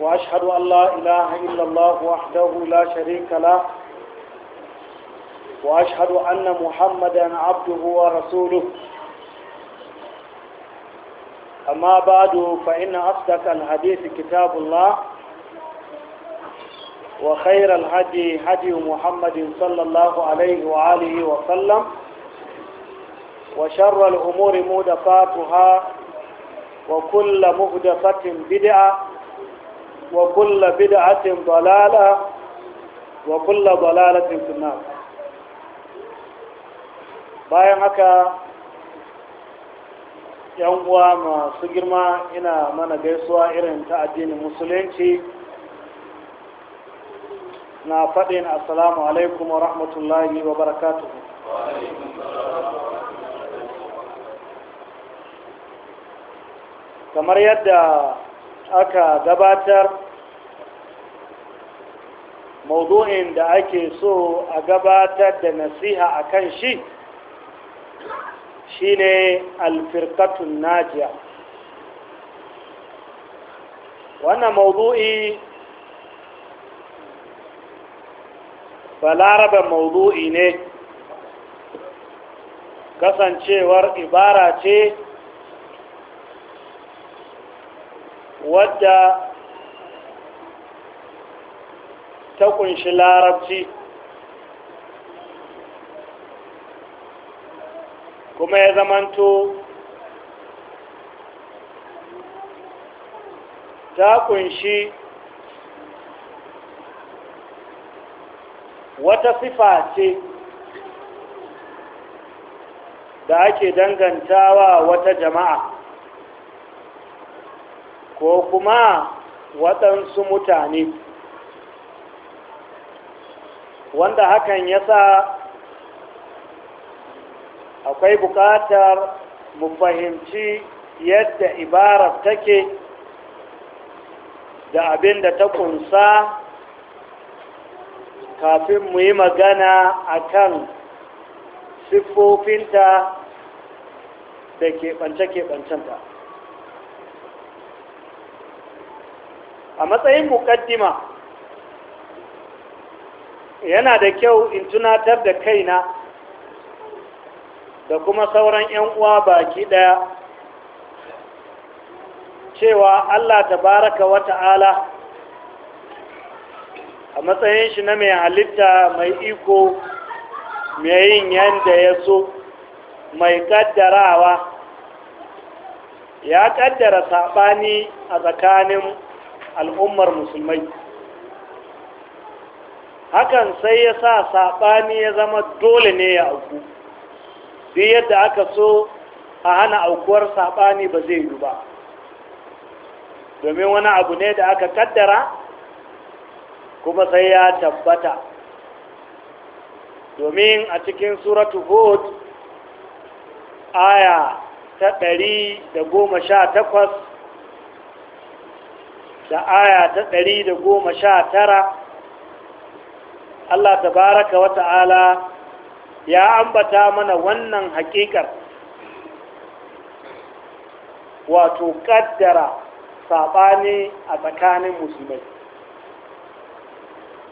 وأشهد أن لا إله إلا الله وحده لا شريك له وأشهد أن محمدا عبده ورسوله أما بعد فإن أصدق الحديث كتاب الله وخير الهدي هدي محمد صلى الله عليه وآله وسلم وشر الأمور مهدفاتها وكل مهدفة بدعة وكل بدعة ضلالة وكل ضلالة في النار bayan haka yan uwa masu girma ina mana gaisuwa irin ta addinin musulunci na faɗin assalamu alaikum wa rahmatullahi wa barakatuhu kamar yadda aka gabatar maudu'in da ake so a gabatar da nasiha a kan shi shine alfirkatun najiya wannan maudu'i balaraba maudu'i ne kasancewar ibara ce wadda ta kunshi larabci kuma ya zamanto ta kunshi wata sifa ce da ake dangantawa wata jama'a ko kuma waɗansu mutane wanda hakan ya sa akwai buƙatar mu fahimci yadda ibarar take da abin da ta kunsa kafin mu yi magana a kan siffofinta da keɓance-keɓancenta. a matsayin muƙaddima yana da kyau in tunatar da kaina da kuma sauran 'yan uwa baki ɗaya cewa Allah tabaraka wa ta'ala a matsayin shi na mai halitta mai iko mai yin yadda ya so mai kaddarawa ya kaddara saɓani a tsakanin al'ummar musulmai hakan sai ya sa saɓani ya zama dole ne ya auku sai yadda aka so a hana aukuwar saɓani ba zai yi ba domin wani abu ne da aka kaddara kuma sai ya tabbata domin a cikin suratu hud aya ta ɗari da goma sha takwas da aya ta ɗari da goma sha tara Allah tabaraka wa ta'ala ya ambata mana wannan hakikar wato kaddara saɓani a tsakanin musulmai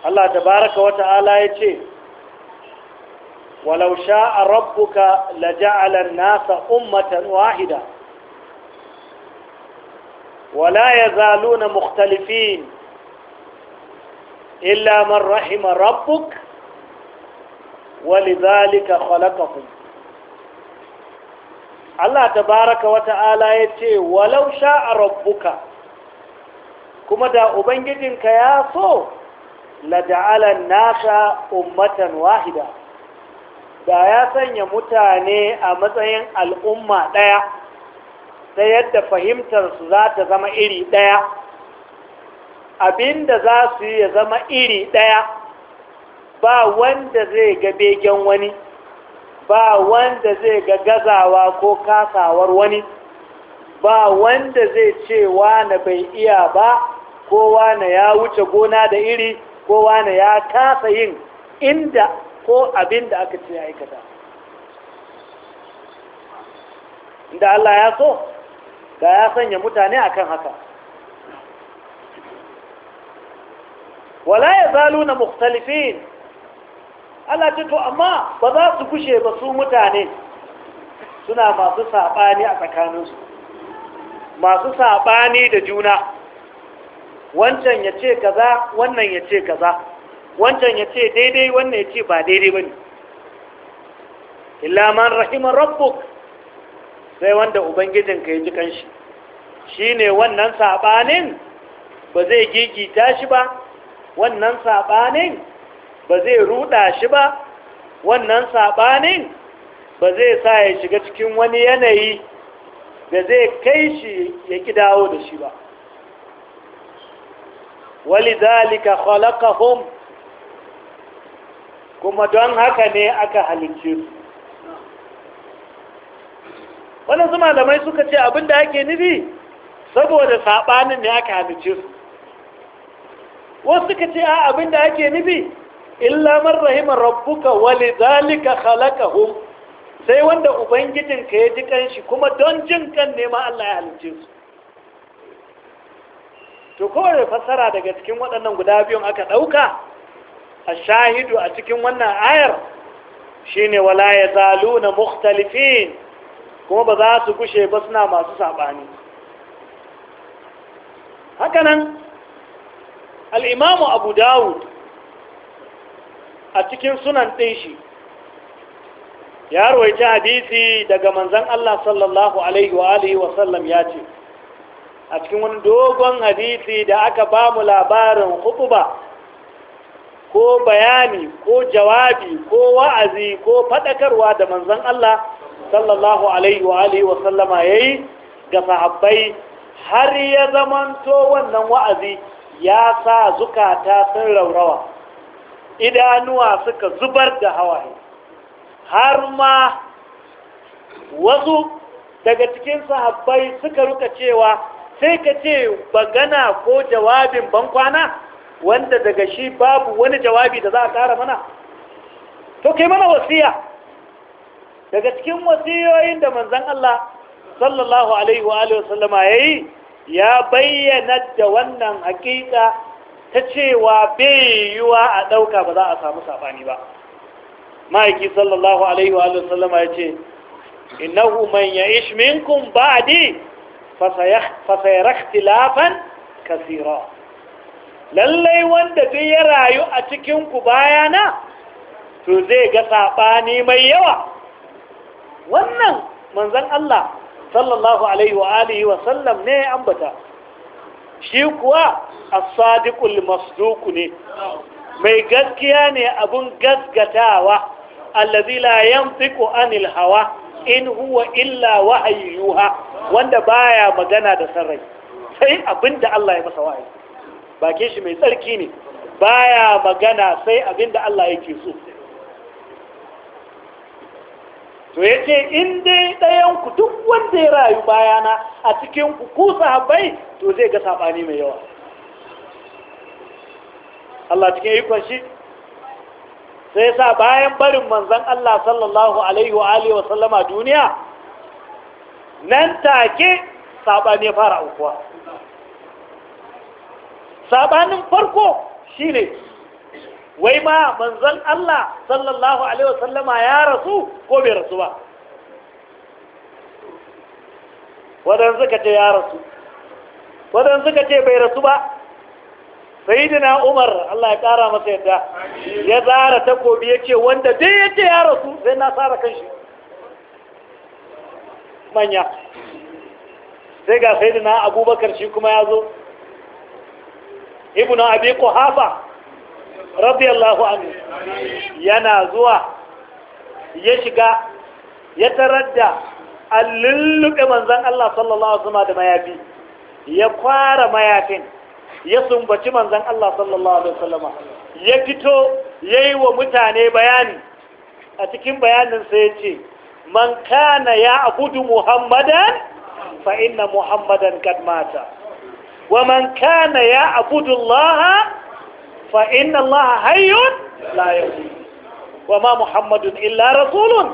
Allah tabaraka wa ta'ala ya ce walau sha'a rabbuka la ja'ala nasa ummatan wahida ولا يزالون مختلفين إلا من رحم ربك ولذلك خلقهم Allah tabaraka wa ta'ala ya ce walausha a rabbuka kuma da ubangijinka ya so la ja'alan nasa ummatan wahida da ya sanya mutane a matsayin al'umma ɗaya ta yadda fahimtarsu za ta zama iri ɗaya abinda za su yi ya zama iri ɗaya ba wanda zai ga begen wani ba wanda zai ga gazawa ko kasawar wani ba wanda zai ce wane bai iya ba ko wane ya wuce gona da iri ko wane ya kasa yin inda ko abin da aka ce aikata inda Allah ya so ga ya sanya mutane a kan haka wala ya zalu na mukhtalifin Allah ce to amma ba za su gushe ba su mutane suna masu saɓani a tsakaninsu masu saɓani da juna wancan ya ce kaza wannan ya ce kaza wancan ya ce daidai wannan ya ce ba daidai ba ne illa rahimar rabbuk sai wanda Ubangijin yi jikan shi, shi ne wannan saɓanin ba zai gigita shi ba wannan saɓanin ba zai ruɗa shi ba wannan saɓanin ba zai sa ya shiga cikin wani yanayi da zai kai shi ya ki dawo da shi ba Wali walidhalika khalaqahum kuma don haka ne aka halicce su waɗansu malamai suka ce abin da ake nufi saboda saɓanin ne aka halice su wasu suka ce a abin ake nufi illa rahimar rahima rabbuka wali zalika sai wanda ubangijinka ya ji kanshi kuma don jin kan ne Allah ya halice su to kowane fassara daga cikin waɗannan guda biyun aka ɗauka a shahidu a cikin wannan ayar shine wala ya zalu na mukhtalifin kuma ba za su gushe ba suna masu saɓani hakanan al'imamu abu dawud a cikin sunan ɗin shi ya rawaita hadisi daga manzan Allah sallallahu alaihi wa ya ce a cikin wani dogon hadisi da aka ba mu labarin hukuba ko bayani ko jawabi ko wa'azi ko faɗakarwa da manzan Allah sallallahu alaihi wa alihi wa sallama yayi ga sahabbai har ya zamanto wannan wa'azi ya sa zukata sun raurawa idanuwa suka zubar da hawaye har ma wasu daga cikin sahabbai suka ruka cewa sai ka ce bagana ko jawabin bankwana wanda daga shi babu wani jawabi da za a kara mana to kai mana wasiya daga cikin wasiyoyin da manzon Allah sallallahu alaihi wa alihi wasallama yayi ya bayyana da wannan hakika ta cewa bai yiwa a ɗauka ba za a samu sabani ba ma'aiki sallallahu alaihi wa alihi wasallama yace innahu man ya'ish minkum ba'di fasayara ikhtilafan kasira lallai wanda zai ya rayu a cikin ku bayana to zai ga sabani mai yawa wannan manzan Allah sallallahu alaihi wa wa sallam ne an ambata shi kuwa as-sadiqul masduq ne mai gaskiya ne abin gaskatawa allazi la yantiqu anil hawa in huwa illa wahayyuha wanda baya magana da sarrai sai abinda Allah ya masa wahayi bakin shi mai tsarki ne baya magana sai abinda Allah yake so to ya ce inda dai ɗayanku duk wanda ya rayu bayana a cikin ku sahabbai to zai ga saɓani mai yawa Allah cikin ikon shi sai sa bayan barin manzan Allah sallallahu alaihi wa wa sallama duniya nan take saɓani ya fara ukuwa saɓanin farko shi ne. wai ma manzon Allah sallallahu alaihi wasallama ya rasu ko bai rasu ba wadan suka ce ya rasu wadan suka ce bai rasu ba sayyidina Umar Allah ya kara masa yadda ya zara takobi yace wanda dai yace ya rasu sai na kan kanshi manya sai ga sayyidina Abubakar shi kuma ya zo ibnu Abi Quhafa radiyallahu anhu yana zuwa ya shiga ya tarada, da manzan Allah sallallahu alaihi wasallam da mayafi ya kwara mayafin ya sumbaci manzan Allah sallallahu alaihi wasallam ya fito yayi wa mutane bayani a cikin bayanin sa yace man kana ya abudu muhammadan fa inna muhammadan kad mata wa man kana ya abudu allaha fa inna allaha hayyun la yamut wa ma muhammadun illa rasulun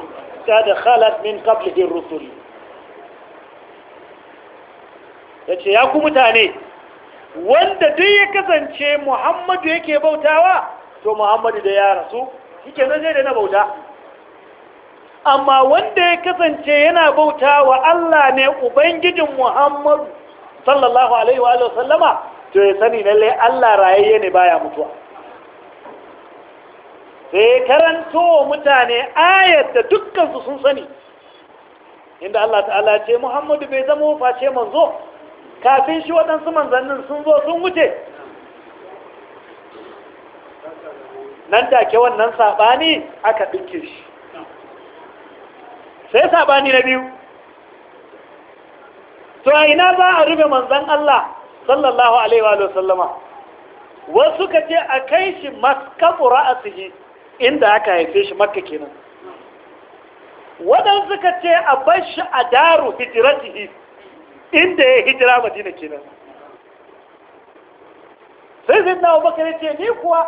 kad khalat min yace ya ku mutane wanda duk ya kasance muhammadu yake bautawa to muhammadu da ya rasu shike nan zai da na bauta amma wanda ya kasance yana bautawa Allah ne ubangijin muhammadu sallallahu alaihi wa sallama to ya sani lalle Allah rayayye ne baya mutuwa sai karanto mutane ayat da dukkan su sun sani inda Allah ta'ala ce Muhammadu bai zama face manzo kafin shi waɗansu manzannin sun zo sun wuce nan take wannan saɓani aka ɗinke shi sai saɓani na biyu to a ina za a rufe manzan Allah sallallahu alaihi wa sallama wasu ka ce a kai shi maskafura a ra'asihi inda aka haife shi makka kenan waɗansu ka ce a bar shi a daru hijiratihi inda ya hijira madina kenan sai zai na bakar ce ni kuwa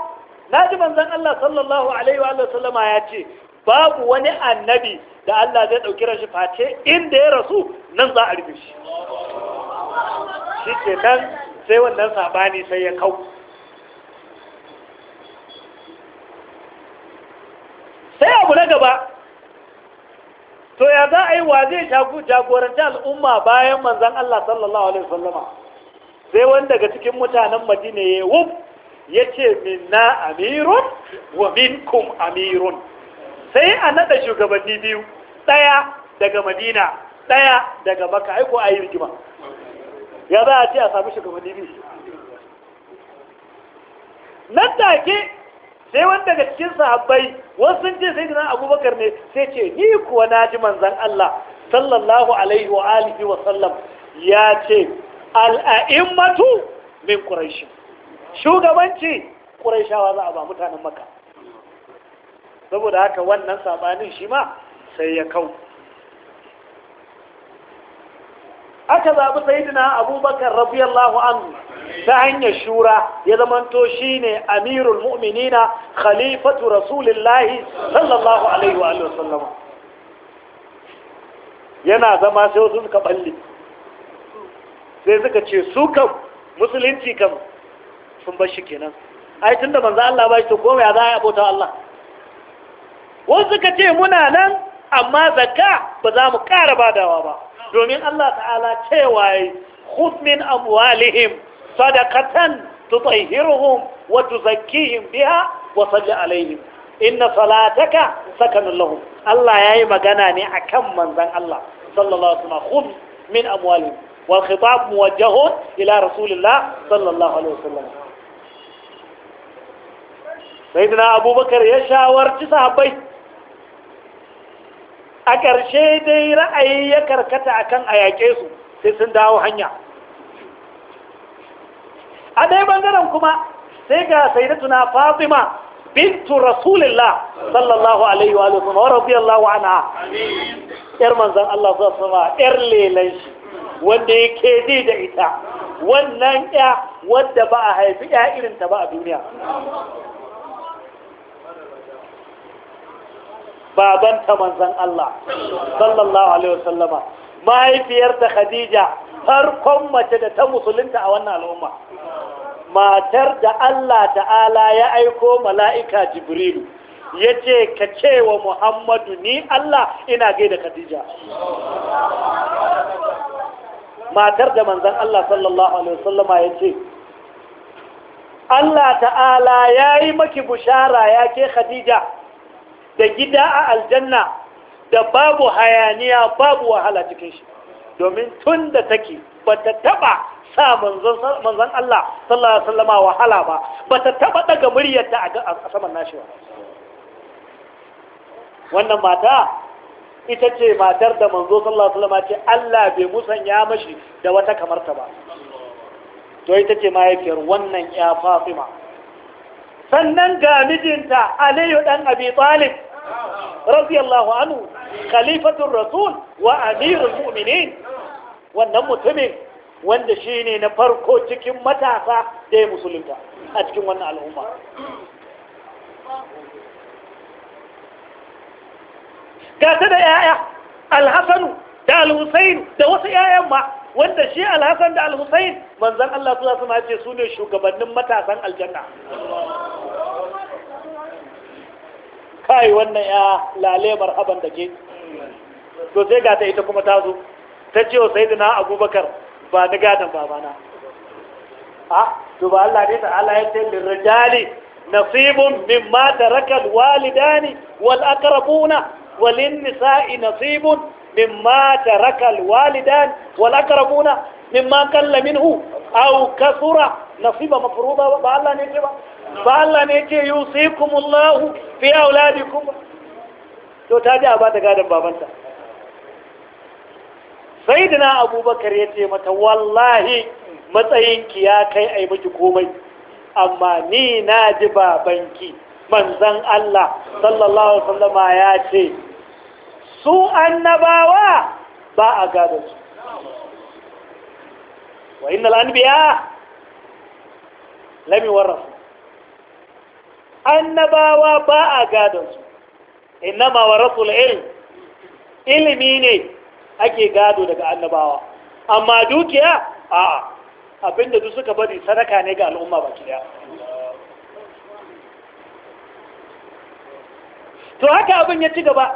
na ji manzan Allah sallallahu alaihi wa sallama ya ce babu wani annabi da Allah zai ɗauki rashi face inda ya rasu nan za a rufe shi shi ke nan sai wannan saɓani sai ya kau sai abu na gaba to ya za a yi wa zai jagoranci al'umma bayan manzan Allah sallallahu alaihi wasallama sai wani daga cikin mutanen madina ya wuf ya ce minna amirun wa minkum amirun sai a naɗa shugabanni biyu ɗaya daga madina ɗaya daga baka aiko a yi rigima ya za a ce a sami shugabanni ne. nan da ke sai wanda daga cikin sahabbai wasu sun ce sai dinan abubakar ne sai ce ni kuwa na ji manzan Allah sallallahu alaihi wa alihi wa sallam ya ce al'a'immatu min ƙurashi. shugabanci ƙurashawa za a ba mutanen maka. saboda haka wannan sabanin shi ma sai ya kawo. aka zaɓi sayidina abubakar radiyallahu anhu ta hanyar shura ya zamanto shi ne amirul mu'minina khalifatu rasulillahi sallallahu alaihi wa yana zama sai wasu suka balle sai suka ce su musulunci sun bar shi kenan ai tunda manzo Allah ba shi to ya za a abota Allah wasu suka ce muna nan amma zakka ba za mu ƙara badawa ba domin Allah ta'ala cewa khudh min amwalihim sadaqatan tutahhiruhum wa tuzakkihim biha wa salli alaihim inna salataka sakanun lahum Allah yayi magana ne akan manzon Allah sallallahu alaihi wasallam khudh min amwalihim wal khitab muwajjahun ila rasulillah sallallahu alaihi wasallam sayyidina abubakar ya shawarci sahabbai a ƙarshe dai ra'ayi ya karkata akan a yaƙe su sai sun dawo hanya a ɗaya ɓangaren kuma sai ga sayyidatuna fatima bintu rasulillah sallallahu alaihi wa sallam wa radiyallahu anha yar manzan Allah sallallahu alaihi yar lelan shi wanda yake ji da ita wannan ya wadda ba a haifi ya irin ba a duniya babanta manzan Allah sallallahu alaihi wasallama mahaifiyarta Khadija farkon mace da ta musulunta a wannan al'umma matar da Allah ta'ala ya aiko mala'ika Jibrilu ya ce ka ce wa Muhammadu ni Allah ina gai da Khadija matar da manzan Allah sallallahu alaihi wasallama ya ce Allah ta'ala ya yi maki bushara ya ke Khadija da gida a aljanna da babu hayaniya babu wahala cikin shi domin tun da take bata taba sa manzon Allah sallallahu alaihi wasallama wahala ba bata ta taba daga muryarta a saman nashi ba wannan mata ita ce matar da manzo sallallahu alaihi wasallama ce Allah bai musanya mashi da wata kamar ba to ita ce mahaifiyar wannan ya Fatima sannan ga mijinta Aliyu dan Abi Talib radiyallahu anhu khalifatul rasul wa amirul mu'minin wannan mutumin wanda shine na farko cikin matasa da ya musulunta a cikin wannan al'umma ga ta da yaya Alhassan da alhussein da wasu yayan ma wanda shi alhassan da alhussein manzan Allah su ce su ne shugabannin matasan aljanna kai wannan ya lale marhaban da ke to sai ga ta ita kuma ta zo ta ce wa sayyidina abubakar ba na gadon babana a to ba Allah ne ta'ala ya ce lirrijali nasibun mimma taraka alwalidani wal aqrabuna walin nisa'i nasibun mimma taraka alwalidan wal aqrabuna mimma qalla minhu aw kasura nasiba mafruḍa ba Allah ne ce ba ba Allah ne ce yusikumullahu fi auladi kuma to ta ji a ba ta gadon babanta sai da na abubakar ya ce mata wallahi matsayinki ya kai a yi miki komai amma ni na ji babanki manzan Allah sallallahu Alaihi ya ce su annabawa ba a gado su wa inna biya? lami rasu annabawa ba a gadon su innama wa rasul ilm ilimi ne ake gado daga annabawa amma dukiya a abinda duk suka bari sadaka ne ga al'umma ba kiya to haka abin ya ci gaba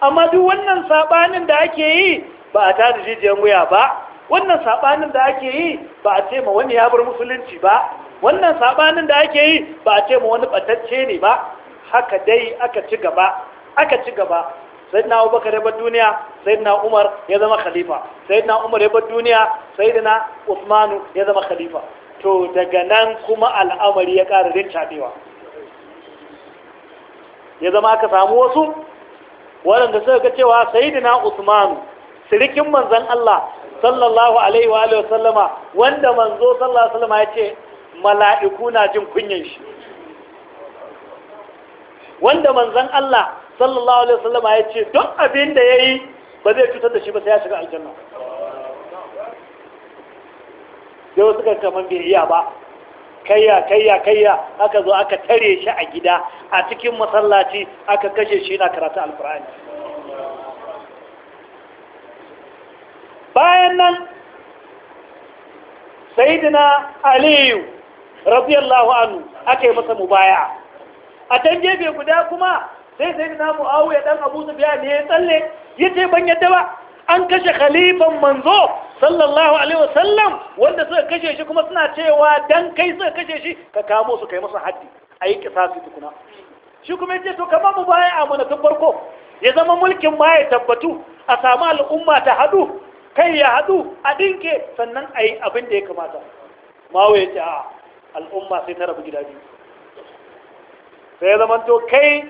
amma duk wannan sabanin da ake yi ba a tada jijiyar wuya ba wannan sabanin da ake yi ba a ce ma wani ya bar musulunci ba wannan sabanin da ake yi ba a ce ma wani batacce ne ba haka dai aka ci gaba aka ci gaba sayyidina Abubakar ya bar duniya sayyidina Umar ya zama khalifa sayyidina Umar ya bar duniya sayyidina Uthman ya zama khalifa to daga nan kuma al'amari ya ƙara cadewa ya zama aka samu wasu waɗanda suka ga cewa sayyidina Uthman sirikin manzon Allah sallallahu alaihi wa alihi wanda manzo sallallahu alaihi ya ce mala'iku na jin kunyan shi wanda manzon Allah sallallahu alaihi wa ya ce don abin da ya yi ba zai cutar da shi ba sai ya shiga aljanna Yau wasu kaman bai iya ba kayya kayya kayya aka zo aka tare shi a gida a cikin masallaci aka kashe shi na karatu alkur'ani bayan nan sayidina aliyu radiyallahu anhu aka masa mubaya a can gefe guda kuma sai sayidina ya dan abu sufyan ne ya tsalle ya ce ban yadda ba an kashe khalifan manzo sallallahu alaihi wasallam wanda suka kashe shi kuma suna cewa dan kai suka kashe shi ka kamo su kai masa haddi ayi kisasi tukuna shi kuma yace to kamar mu baya mana tun farko ya zama mulkin ma ya tabbatu a samu al'umma ta hadu kai ya haɗu a ɗinke sannan a yi abin da ya kamata mawa ya ce a al'umma sai ta rabu gida biyu sai ya zama to kai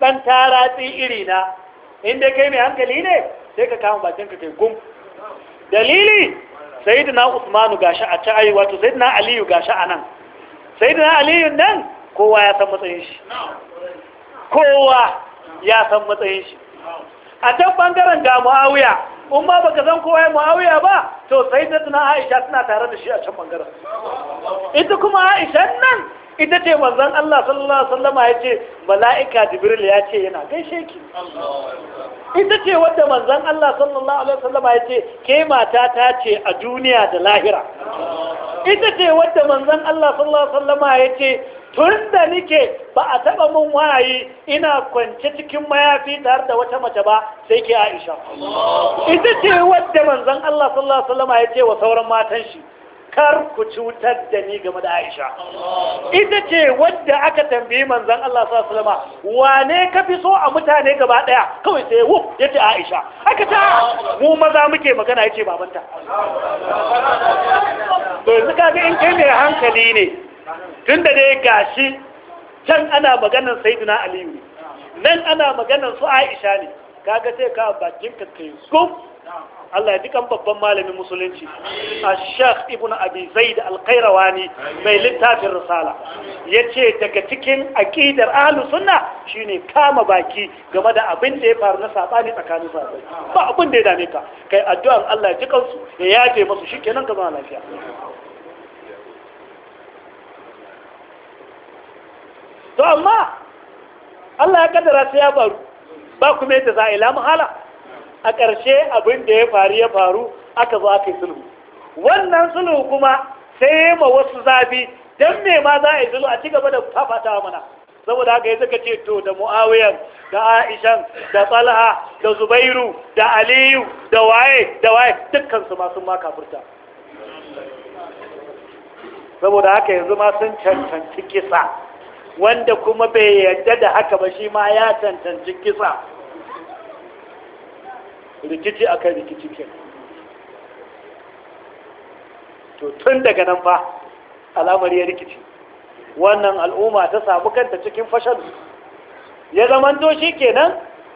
ɗan tsi iri na inda kai mai hankali ne sai ka kama bakin ka kai gum dalili sayyidina usmanu gashi a ayi wato sayyidina aliyu gashi a nan sayyidina aliyu nan kowa ya san matsayin shi kowa ya san matsayin shi a can bangaren ga muawiya in ma baka zan kowa muawiya ba to sai da tuna aisha tana tare da shi a can bangaren ita kuma aisha nan ita ce wanzan Allah sallallahu alaihi wasallam ya ce mala'ika jibril ya ce yana gaishe ki ita ce wadda manzon Allah sallallahu alaihi wasallam ya ce ke mata ta ce a duniya da lahira ita ce wadda manzon Allah sallallahu alaihi wasallam ya ce tun da nike ba a taba mun waye ina kwance cikin mayafi tare da wata mace ba sai ke Aisha ita ce wadda manzon Allah sallallahu alaihi wasallam ya ce wa sauran matan shi kar ku cutar da ni game da Aisha ita ce wadda aka tambayi manzon Allah sallallahu alaihi wasallam wane ka fi so a mutane gaba daya kawai sai wuf yace Aisha aka ta mu maza muke magana yace babanta to suka kaga in kai mai hankali ne tun da dai gashi can ana maganar saiduna aliyu nan ana maganar su aisha ne kaga sai ka bakin ka su Allah ya ji kan babban malamin musulunci a shekh ibn abi zaid al-qayrawani mai littafin risala yace daga cikin aqidar ahlus sunna shine kama baki game da abin da ya faru na sabani tsakanin sahabbai ba abin da ya dame ka kai addu'an Allah ya ji kansu ya yaje musu shikenan ka zama lafiya to amma Allah ya kaddara sai ya faru ba kuma yadda za a ila muhala a ƙarshe abin da ya faru ya faru aka zo aka yi sulhu wannan sulhu kuma sai ya ma wasu zafi don me ma za a yi sulhu a ci gaba da fafatawa mana saboda haka ya kace to da mu'awiyan da aishan da talha da zubairu da aliyu da waye da waye su ma sun ma kafurta saboda haka yanzu ma sun cancanci kisa wanda kuma bai yadda da haka ba shi ma ya tantanci kisa rikici a kan rikici ke to tun daga nan ba al'amari ya rikici wannan al'umma ta samu kanta cikin fashal ya to shi kenan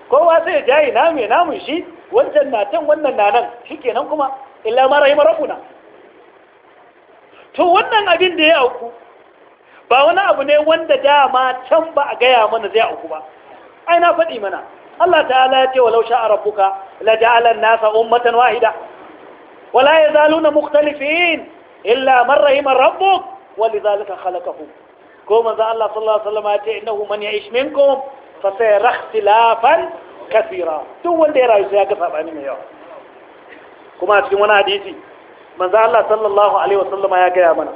kowa sai jayi name namun shi wancan na can wannan na nan shi kenan kuma illa mara yi marafuna to wannan abin da ya auku ba wani abu ne wanda dama can ba a gaya mana zai auku ba ai na faɗi mana Allah ta'ala ya ce lausha a rabbuka la ja'ala nasa ummatan wahida wala yazaluna mukhtalifin illa man rahima rabbuk walidhalika khalaqahu ko manzo Allah sallallahu alaihi wasallam ya ce innahu man ya'ish minkum fa sayara ikhtilafan kathira duk wanda ya rayu sai ya ga sabani mai yawa kuma a cikin wani hadisi manzo Allah sallallahu alaihi wasallam ya gaya mana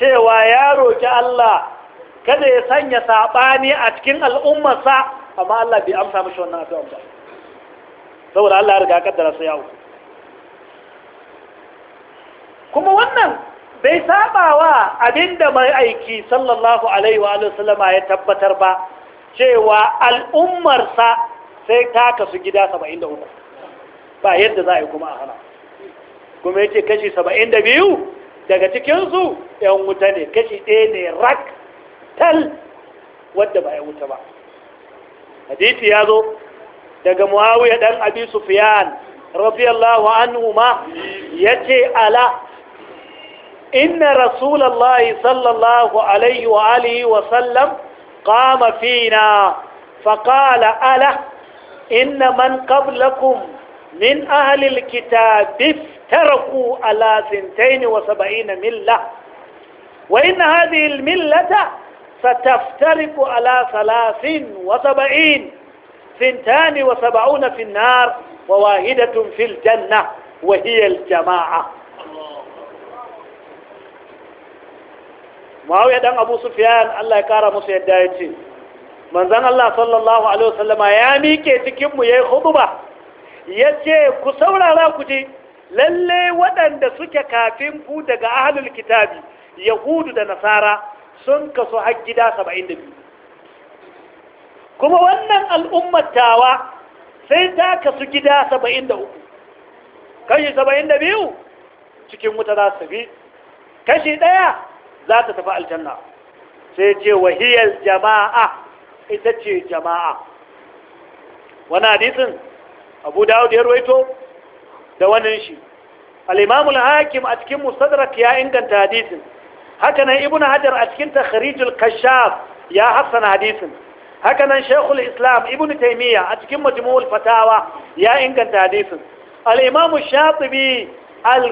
cewa ya roƙi Allah kada ya sanya saɓani a cikin al'ummarsa amma Allah bai amsa mashi wannan addu'an ba saboda Allah ya riga kaddara sai yawo kuma wannan bai sabawa abinda mai aiki sallallahu alaihi wa sallama ya tabbatar ba cewa al'ummarsa sai ta kasu gida 73 ba yadda za a yi kuma a hana kuma yake kashi 72 daga cikinsu ‘yan wuta ne kashi ɗaya ne rak tal wadda ba ya wuta ba hadisi ya zo daga muawiya ɗan abi sufiyan radiyallahu anhu ma yace ala inna rasulallahi sallallahu alaihi wa alihi wa sallam qama fina فقال ala inna من min من أهل الكتاب افترقوا على ثنتين وسبعين ملة وإن هذه الملة ستفترق على ثلاث وسبعين ثنتان وسبعون في النار وواحدة في الجنة وهي الجماعة معاوية دان أبو سفيان الله يكارى مسيح الدايتي من ذن الله صلى الله عليه وسلم يا ميكي تكيب يا خطبة يتي كسولا لا كتي lalle waɗanda suke kafin ku daga ahlul kitabi yahudu da nasara sun kaso har gida 72 kuma wannan al'ummatawa sai ta kasu gida 73 kashi 72 cikin wuta za su bi kashi ɗaya za ta tafi aljanna sai ce wahiyar jama'a ita ce jama'a wani hadisin abu dawud ya ruwaito da wannan shi Alimamul hakim a cikin mustadrak ya inganta hadisin haka nan ibnu hajar a cikin takhrijul kashaf ya hassana hadisin haka nan shaykhul islam ibnu taimiyya a cikin majmu'ul fatawa ya inganta hadisin al-imamu al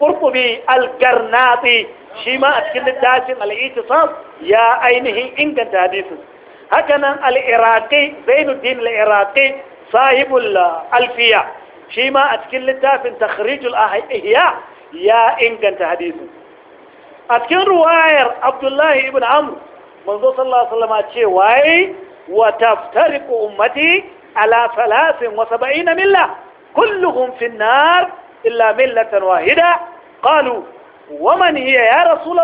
kurkubi al-garnati shi ma a cikin littafin al ya ainihin inganta hadisin haka nan al-iraqi zainuddin al-iraqi sahibul uh, alfiya shi ma a cikin littafin takhrijul ahya ya inganta hadisin a cikin ruwayar abdullahi ibn amr manzo sallallahu alaihi wasallam ce wai wa taftariqu ummati ala 73 milla kulluhum fi an-nar illa millatan wahida qalu ومن هي يا رسول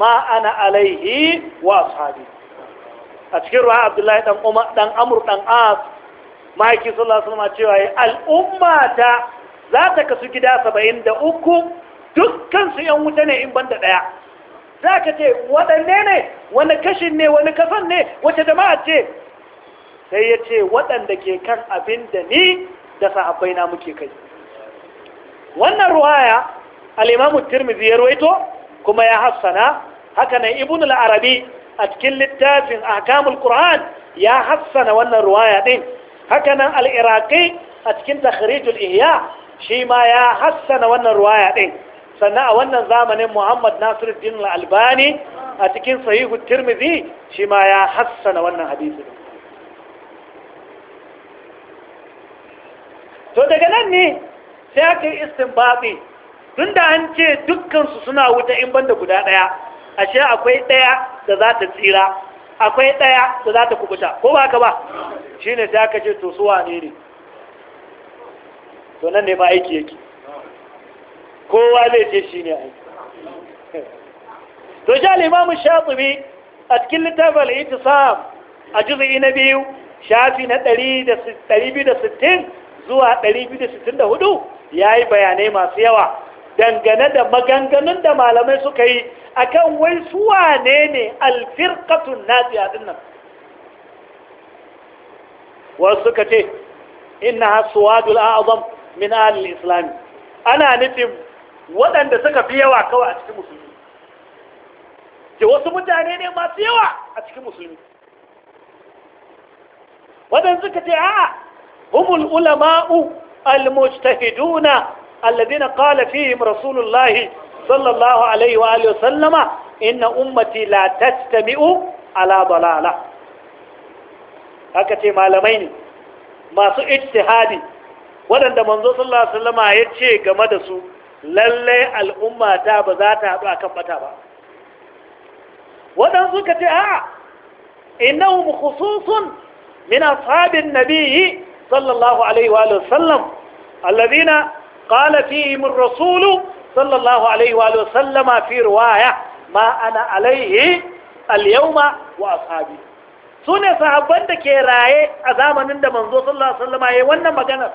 ma ana alaihi wa عليه A cikin عبد Abdullahi دان أمر دان أمر دان آس maki sallallahu alaihi cewa ya al'umma ta za ta kasu gida saba'in da uku dukkan su yan wuta ne in banda ɗaya za ka ce waɗanne ne wani kashin ne wani kasan ne wace jama'a ce sai ya ce waɗanda ke kan abin da ni da sahabbai na muke kai wannan ruwaya al'imamu tirmidhi ya ruwaito kuma ya hassana haka nan ibn al-arabi a cikin littafin ahkamul qur'an ya hassana wannan ruwaya din Hakanan nan al'iraƙi a cikin takharijul ihya shi ma ya hassana wannan ruwaya ɗin sannan a wannan zamanin muhammad nasiruddin albani a cikin sahihu tirmidhi shi ma ya hassana wannan hadisi to daga nan ne sai aka yi istinbabi tun da an ce dukkansu suna wuta in banda guda ɗaya ashe akwai ɗaya da za ta tsira akwai ɗaya da za ta kubuta ko ba ka ba ne sai aka ce to su wane ne to nan ne ma aiki yake kowa zai ce shi ne aiki to sha limamu shatubi a cikin littafin al'itisam a juzu'i na biyu shafi na 260 zuwa 264 ya yi bayanai masu yawa dangane da maganganun da malamai suka yi akan wai suwa ne ne alfirkatun nazi a dinnan wasu suka ce inna suwadul a'zam min ahli islam ana nufin waɗanda suka fi yawa kawai a cikin musulmi ke wasu mutane ne masu yawa a cikin musulmi waɗanda suka ce a'a humul ulama'u al-mujtahiduna alladhina qala fihim rasulullahi sallallahu alaihi wa alihi wa sallama inna ummati la tastami'u ala dalala aka ce malamai ne masu ijtihadi waɗanda manzo sallallahu alaihi wasallama ya ce game da su lalle al'umma ta ba za ta haɗu akan bata ba waɗansu ka ce a innahum khususun min ashabin nabiyyi sallallahu alaihi wa sallam alladhina qala fihim ar-rasul sallallahu alaihi wa sallama fi riwaya ma ana alaihi al-yawma wa ashabi su ne sahabban da ke raye a zamanin da manzo sallallahu alaihi wasallam yayin wannan magana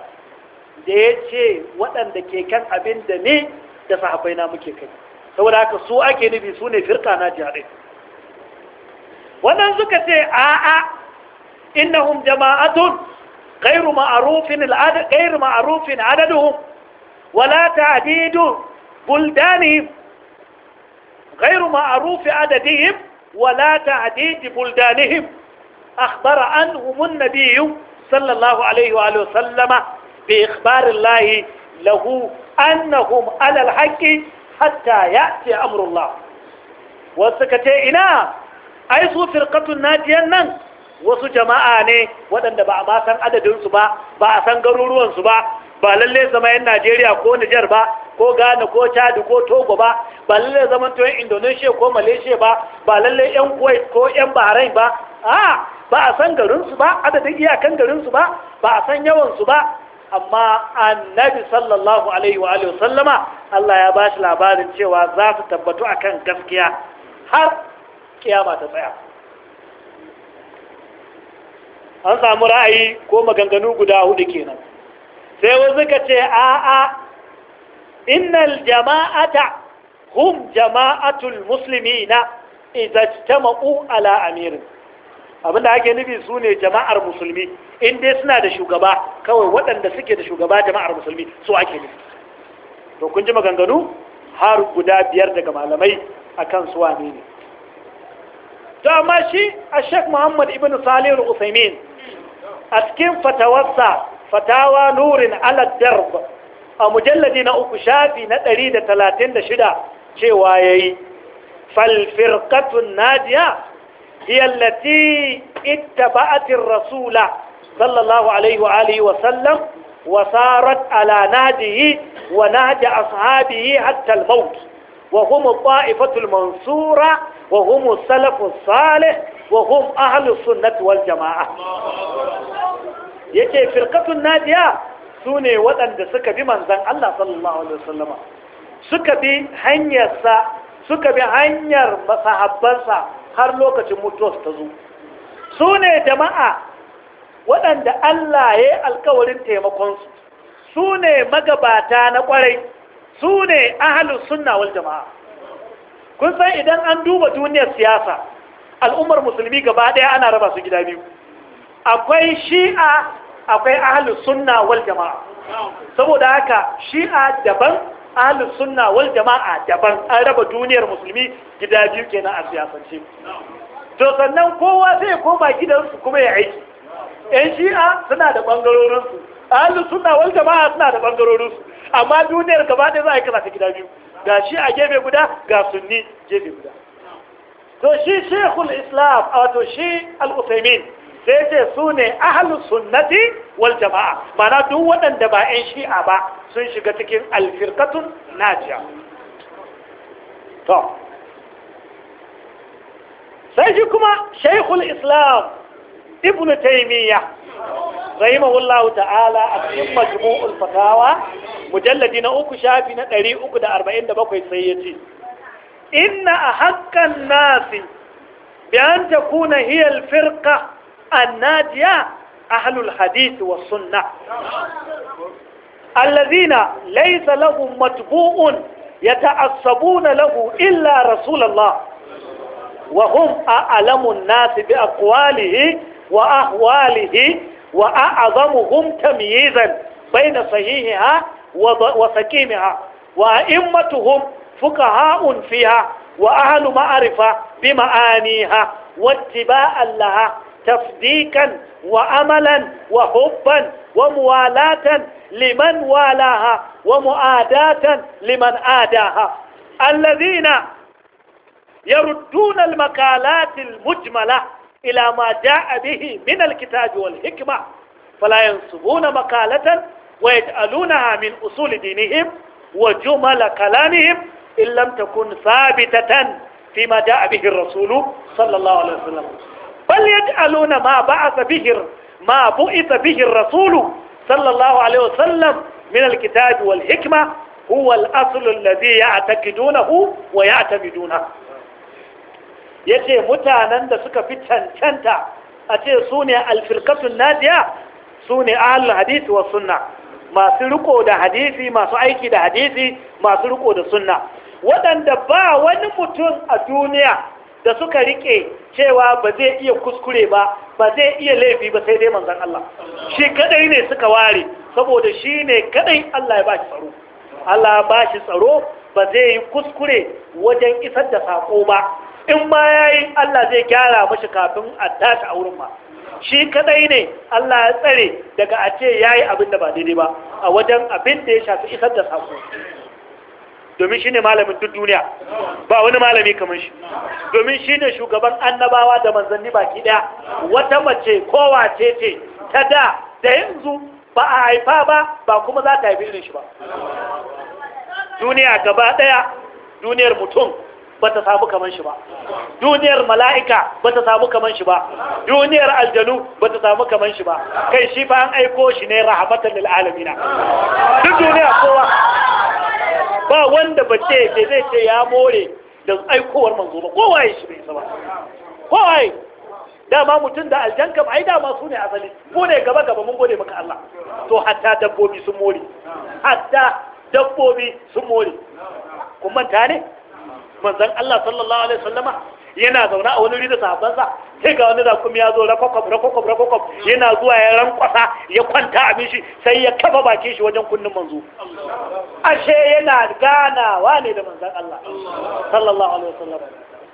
da ya ce waɗanda ke kan abin da ni da sahabbai na muke kai saboda haka su ake nufi su ne firka na jare wannan suka ce a'a innahum jama'atun ghairu ma'rufin al'adad ghairu ma'rufin adaduhum wala ta'didu buldanihim ghairu ma'ruf adadihim wala ta'did buldanihim akhbara anhumun nabiyyu sallallahu alaihi wa sallama bi ikhbarillahi lahu annahum alal haqqi hatta ya'ti amrullah wasu ka ce ina ai su firqatun najiyan nan wasu jama'a ne waɗanda ba a ma san su ba ba a san garuruwansu ba ba lalle zama yan Najeriya ko Nijar ba ko Ghana ko Chad ko Togo ba ba lalle zama Indonesia ko Malaysia ba ba lallai yan Kuwait ko yan Bahrain ba a ba a san garinsu ba adadin iyakan garinsu ba ba a san yawansu ba amma annabi sallallahu alaihi wa alihi sallama Allah ya bashi labarin cewa za su tabbatu kan gaskiya har kiyama ta tsaya an samu ra'ayi ko maganganu guda hudu kenan sai wasu ka ce a a innal jama'ata hum jama'atul muslimina idza jama'u ala amirin abinda ake nufi su ne jama'ar musulmi in dai suna da shugaba kawai waɗanda suke da shugaba jama'ar musulmi su ake nufi to kun ji maganganu har guda biyar daga malamai akan su wane ne to amma shi a shek muhammad ibn salihu usaimin a cikin fatawarsa fatawa nurin ala darb a mujalladi na uku shafi na ɗari da talatin da shida cewa ya yi falfirkatun nadiya hiyallati ittaba'atir rasula sallallahu alaihi wa alihi wa sallam wa sarat ala nadihi wa nadi ashabihi hatta al-maut wa hum ta'ifatul mansura wa hum salafus salih wa hum ahlus sunnati wal jama'a yake firqatun nadiya sune waɗanda suka bi manzan Allah sallallahu suka bi hanyarsa suka bi hanyar masahabbansa har lokacin mutuwar ta zo su ne jama'a waɗanda Allah ya yi alkawarin taimakonsu su ne magabata na ƙwarai su ne ahalin sunnawar jama'a kun san idan an duba duniyar siyasa al'ummar musulmi gaba ɗaya ana raba su gida biyu akwai shi'a akwai ahalin sunnawar jama'a saboda haka shi'a daban ahlus sunna wal jama'a daban an raba duniyar musulmi gida biyu kenan a siyasance to sannan kowa zai koma gidansu kuma ya aiki yan shi'a suna da ɓangarorinsu. ahlus sunna wal jama'a suna da bangarorinsu amma duniyar gaba ɗaya za a kasa ta gida biyu ga shi a gefe guda ga sunni gefe guda to shi shekul islam a wato shi al-usaimin sai ce su ne ahalus sunnati wal jama'a mana duk waɗanda ba 'yan shi'a ba sun shiga cikin alfirkatun najiya to sai shi kuma shaikhul islam ibn taimiyya rahimahullahu ta'ala a cikin majmu'ul fatawa mujalladi na uku shafi na 347 sai ya ce inna a haƙƙan nasi bi ku na hiyar firka الناجية أهل الحديث والسنة الذين ليس لهم متبوء يتعصبون له إلا رسول الله وهم أعلم الناس بأقواله وأهواله وأعظمهم تمييزا بين صحيحها وسكيمها وأئمتهم فقهاء فيها وأهل معرفة بمعانيها واتباعا لها تصديقا وأملا وحبا وموالاة لمن والاها ومؤاداة لمن آداها الذين يردون المقالات المجملة إلى ما جاء به من الكتاب والحكمة فلا ينصبون مقالة ويجعلونها من أصول دينهم وجمل كلامهم إن لم تكن ثابتة فيما جاء به الرسول صلى الله عليه وسلم bal yaj'aluna ma ba'atha bihi ma bu'itha bihi rasulu rasul sallallahu alaihi wasallam min al-kitab wal hikma huwa al-asl alladhi ya'taqidunahu wa ya'tamiduna yace mutanen da suka fi cancanta a ce su ne alfirkatun najiya su ne ahal hadisi wa sunna masu riko da hadisi masu aiki da hadisi masu riko da sunna waɗanda ba wani mutum a duniya da suka rike cewa ba zai iya kuskure ba ba zai iya laifi ba sai dai manzan Allah shi kadai ne suka ware saboda shi ne kadai Allah ya ba shi tsaro Allah ba shi tsaro ba zai yi kuskure wajen isar da sako ba in ma yi Allah zai gyara mashi kafin a tashi a wurin ba. shi kadai ne Allah ya tsare daga a ce yayi abin da ba daidai ba a wajen abin da ya shafi isar da sako domin shine malamin duk duniya ba wani malami kamar shi domin shine shugaban annabawa da manzanni baki daya wata mace kowa ce ce ta da da yanzu ba a haifa ba ba kuma za ta haifi irin shi ba duniya gaba daya duniyar mutum ba ta samu kaman shi ba duniyar mala'ika ba ta samu kaman shi ba duniyar aljanu bata ta samu kaman shi ba kai shi fa an aiko shi ne rahmatan lil alamin duk duniya kowa ba wanda ba ce ke zai ce ya more da aikowar manzo ba kowa ya shi bai saba kowa dama mutum da aljanka ba ai dama su ne asali mu ne gaba gaba mun gode maka Allah to hatta dabbobi sun more hatta dabbobi sun more kun manta ne manzon Allah sallallahu alaihi wasallama yana zaune a wani rida sahabansa sai ga wani zakumi ya zo rakokof rakokof rakokof yana zuwa ya rankwasa ya kwanta a bishi sai ya kafa bakin shi wajen kunnin manzo ashe yana ganawa ne da manzan Allah sallallahu alaihi wasallam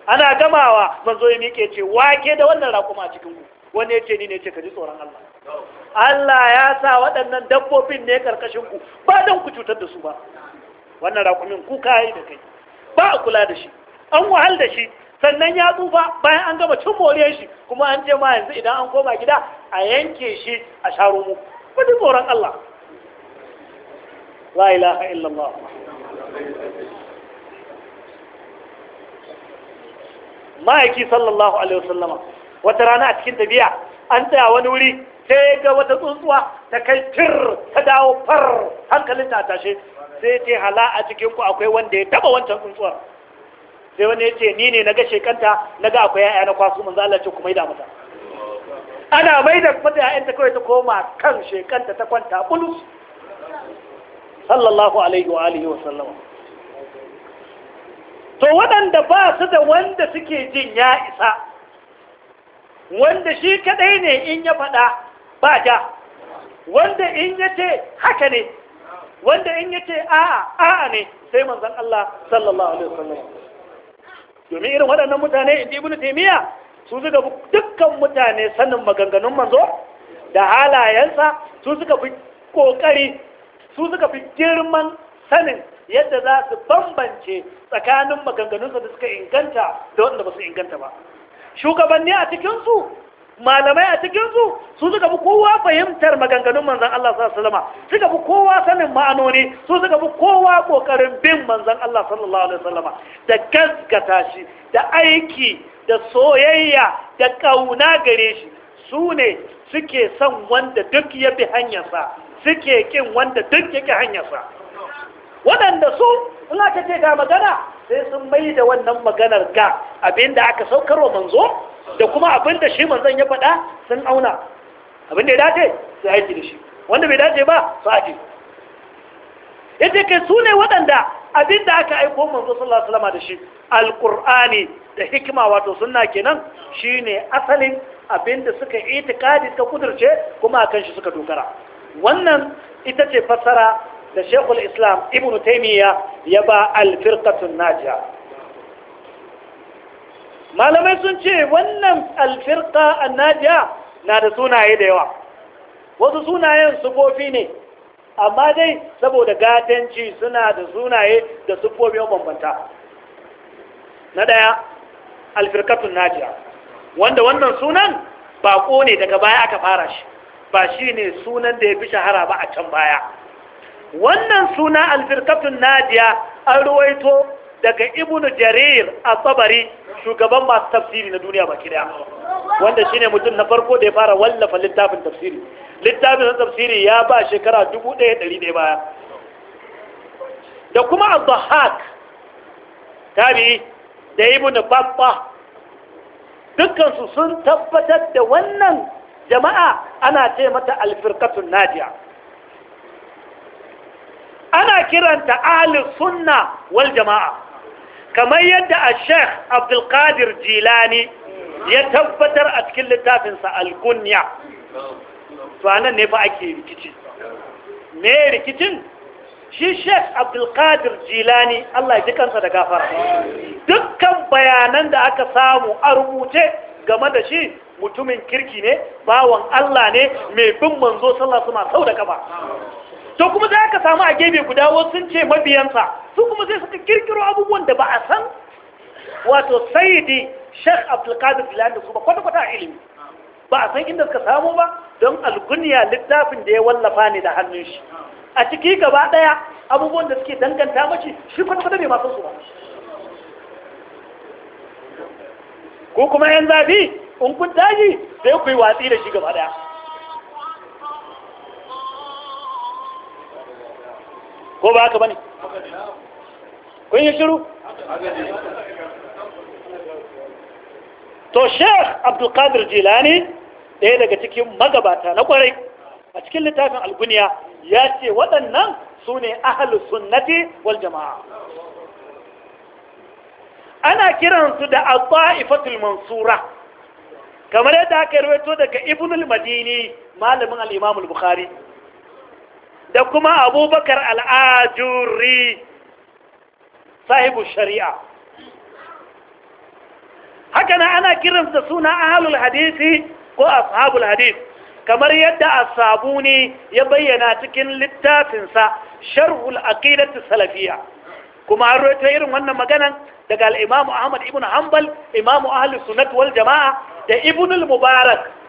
ana gamawa manzo ya miƙe ce wake da wannan rakuma a cikin ku wani ya ce ni ne ce ka ji tsoron Allah Allah ya sa waɗannan dabbobin ne karkashin ku ba don ku cutar da su ba wannan rakumin kuka yi da kai ba a kula da shi an wahal da shi sannan ya tsufa bayan an gama cin moriyar shi kuma an je ma yanzu idan an koma gida a yanke shi a sharo mu wani tsoron Allah la ilaha illallah ma'aiki sallallahu alaihi wasallama wata rana a cikin tafiya an tsaya wani wuri sai ga wata tsuntsuwa ta kai tir ta dawo far hankalin ta tashe sai ce hala a cikinku akwai wanda ya taba wancan tsuntsuwar sai wani ya ce ni ne na ga shekanta na ga akwai ya'ya na kwasu mun zalace ce ku maida mata ana maida mata ya'yan ta kawai ta koma kan shekanta ta kwanta bulu. sallallahu alaihi wa alihi wa sallam to waɗanda ba su da wanda suke jin ya isa wanda shi kadai ne in ya faɗa ba ja wanda in ya ce haka ne wanda in yace a'a a'a ne sai manzon Allah sallallahu alaihi wasallam domin irin waɗannan mutane inda ibnu taymiya su suka dukkan mutane sanin maganganun manzo da halayensa su suka fi kokari su suka fi girman sanin yadda za su bambance tsakanin maganganunsa da suka inganta da wanda ba su inganta ba shugabanni a cikin su malamai a cikinsu su suka bi kowa fahimtar maganganun manzan Allah wasallam suka bi kowa sanin ma'anoni su suka bi kowa kokarin bin manzan Allah sallallahu alaihi wasallama da gaskata shi da aiki da soyayya da ƙauna gare shi su ne suke son wanda duk ya bi hanyarsa suke kin wanda duk ya ki hanyarsa waɗanda su in aka ce ga magana sai sun bai da wannan maganar ga abinda aka saukarwa manzo da kuma abin da shi manzan ya faɗa sun auna abin da ya dace su aiki da shi wanda bai dace ba su aiki. yadda kai su waɗanda abin da aka aiko manzo sallallahu alaihi da shi alqur'ani da hikima wato sunna kenan shine asalin abin da suka itikadi suka kudurce kuma akan shi suka dogara wannan ita ce fassara da shekul Islam Ibn taimiyya ya ba alfirkatun najiya malamai sun ce wannan alfirka alfirka annajiya na da sunaye da yawa wasu sunayen sufofi ne amma dai saboda gatanci suna da sunaye da sufofi mabambanta na daya alfirkatun najiya wanda wannan sunan bako ne daga baya aka fara shi ba shi ne sunan da ya fi shahara ba a can baya wannan suna alfirkatun najiya an ruwaito daga ibnu jarir a tsabari shugaban masu tafsiri na duniya baki daya wanda shine mutum na farko da ya fara wallafa littafin tafsiri littafin na tafsiri ya ba shekara 1100 baya da kuma al-dhahak tabi da ibn babba dukkansu sun tabbatar da wannan jama'a ana ce mata alfirkatun najiya ana kiranta ahli sunna wal jama'a kamar yadda a sheikh abdulkadir jilani ya tabbatar a cikin littafinsa alkunya tuwanan ne fa ake rikici me rikicin shi sheikh abdulkadir jilani allah ji kansa da gafara dukkan bayanan da aka samu a rubuce game da shi mutumin kirki ne bawan allah ne mai bin manzo sallah suna sau da kafa to kuma za ka samu a gefe guda wasu sun ce mabiyansa su kuma sai suka kirkiro abubuwan da ba a san wato saidi sheikh abdulkadir filani da ba kwata-kwata a ilimi ba a san inda suka samu ba don alguniya littafin da ya wallafa ne da hannun shi a ciki gaba daya abubuwan da suke danganta mace shi kwata-kwata ne masu su ba ko kuma yan zafi in kun daji sai ku yi watsi da shi gaba daya ko ba haka bane kun yi shiru to sheikh abdulkadir jilani ɗaya daga cikin magabata na kwarai a cikin littafin alguniya ya ce waɗannan su ne sunnati wal jama'a ana kiransu da al-ta'ifatul mansura kamar yadda aka yarwato daga ibn al-madini malamin al-imam al-bukhari da kuma abubakar al'ajuri sahibu shari'a haka na ana kiransu da suna ahalul hadisi ko ashabul hadis kamar yadda asabuni ya bayyana cikin littafinsa sharhul aqidatu salafiyya kuma an rawaito irin wannan maganan daga al Ahmad ibn Hanbal Imam Ahlus Sunnah wal Jama'a da Ibnul mubarak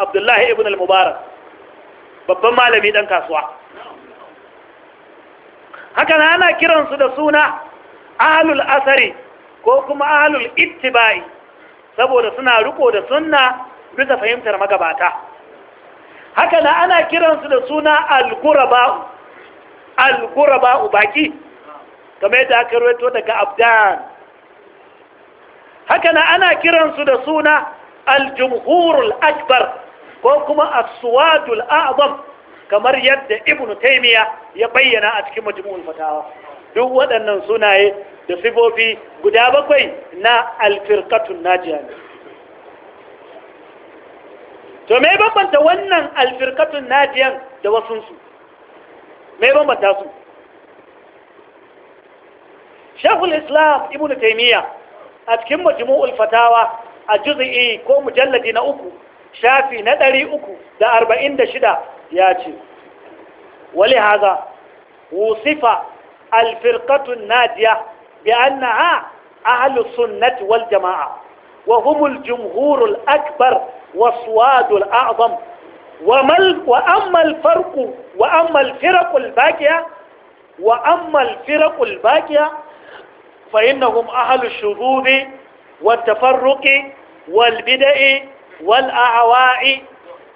abdullahi ibn al-mubarak babban malami dan kasuwa haka ana kiransu da suna ahlul asari ko kuma ahlul ittiba'i saboda suna riko da sunna bisa fahimtar magabata haka ana kiransu da suna al-quraba'u al-quraba'u baki kamar yadda aka rawaito daga abdan haka ana kiransu da suna al-jumhurul akbar ko kuma aswadul a'zam kamar yadda ibnu taymiya ya bayyana a cikin majmu'ul fatawa duk waɗannan sunaye da sifofi guda bakwai na alfirqatun najiya to me bambanta wannan alfirqatun najiyan da wasunsu me bambanta su shekul islam ibnu taymiya a cikin majmu'ul fatawa a juz'i ko mujalladi na uku شافي ندري أكو دا أربعين دا شدا ياتي ولهذا وصف الفرقة النادية بأنها أهل السنة والجماعة وهم الجمهور الأكبر والصواد الأعظم ومل وأما الفرق وأما الفرق الباقية وأما الفرق الباقية فإنهم أهل الشذوذ والتفرق والبدع والأعواء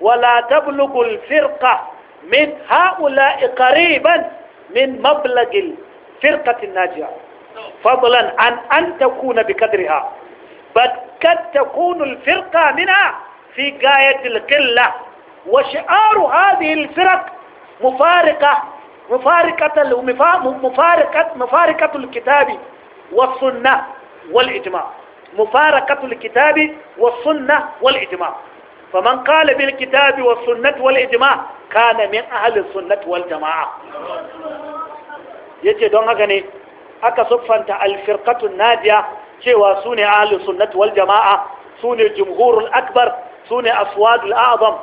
ولا تبلغ الفرقة من هؤلاء قريبا من مبلغ الفرقة الناجية فضلا عن أن تكون بقدرها بل قد تكون الفرقة منها في غاية القلة وشعار هذه الفرق مفارقة مفارقة مفارقة مفارقة الكتاب والسنة والإجماع mufarakatul kitabi was sunnah wal ijma faman qala bil kitabi was sunnah wal ijma kana min ahli sunnah wal jamaa yace don haka ne aka siffanta al firqatun nadiya cewa sune ahli sunnah wal jamaa sune jumhurul akbar sune aswadul Abam.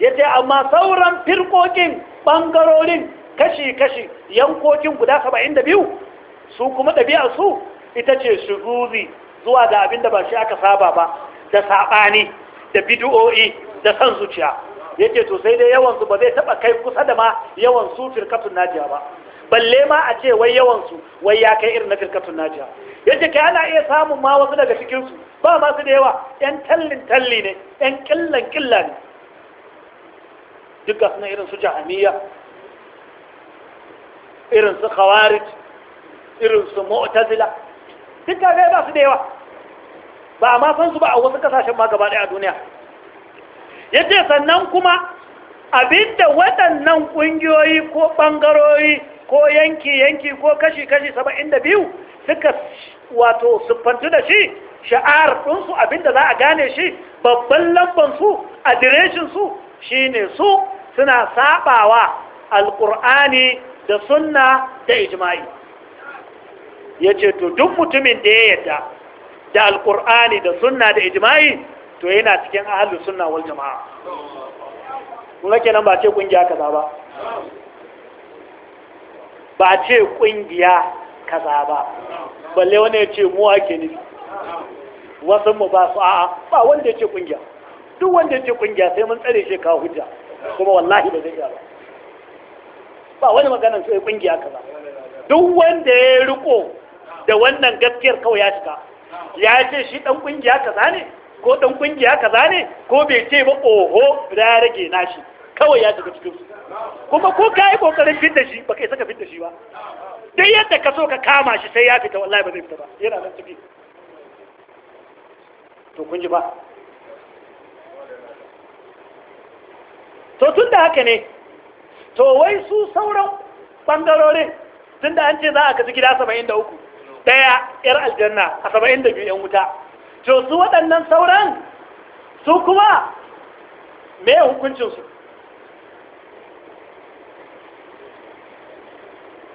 yace amma sauran firkokin bangarorin kashi-kashi yankokin guda biyu su kuma ɗabi'a su ita ce shuguzi zuwa ga abin da ba shi aka saba ba da saɓani da bidiyo'i da san zuciya yake to sai dai yawansu ba zai taɓa kai kusa da ma yawan su firkatun najiya ba balle ma a ce wai yawansu wai ya kai irin na firkatun najiya yadda kai ana iya samun ma wasu daga cikinsu ba masu da yawa yan tallin talli ne yan killan ƙilla ne duk ga suna irin su jahamiya irin su khawarij irin su mu'tazila duk ga ba su da yawa ba a ma su ba a wasu kasashen ma gaba a duniya yace sannan kuma abinda waɗannan ƙungiyoyi ko ɓangarori ko yanki-yanki ko kashi-kashi saba'in da biyu suka wato siffantu da shi sha'ar ɗinsu abinda za a gane shi babban lambansu adireshinsu shi ne su suna saɓawa alƙur'ani da sunna da ijma'i ya ce to duk mutumin da ya yadda da alkur'ani da sunna da ijma'i to yana cikin ahalus sunna wal jama'a kuma kenan ba ce kungiya kaza ba ba ce kungiya kaza ba balle wani ya ce mu ake nufi wasu mu ba su a'a ba wanda ya ce kungiya duk wanda ya ce kungiya sai mun tsare shi kawo hujja kuma wallahi ba zai iya ba ba wani maganar sai kungiya kaza duk wanda ya riko da wannan gaskiyar kawai ya shiga ya ce shi ɗan ƙungiya ka ne ko ɗan ƙungiya ka ne ko bai ce ba oho da ya rage nashi kawai ya shiga cikin su kuma ko ka yi kokarin fitta shi ba kai saka fitta shi ba duk yadda ka so ka kama shi sai ya fita wallahi ba zai fita ba yana nan ciki to kun ji ba to tun da haka ne to wai su sauran ɓangarorin tun da an ce za a kasu gida saba'in da uku ɗaya ‘yar aljanna a saba'in da biyu ‘yan wuta to su waɗannan sauran su kuma me hukuncinsu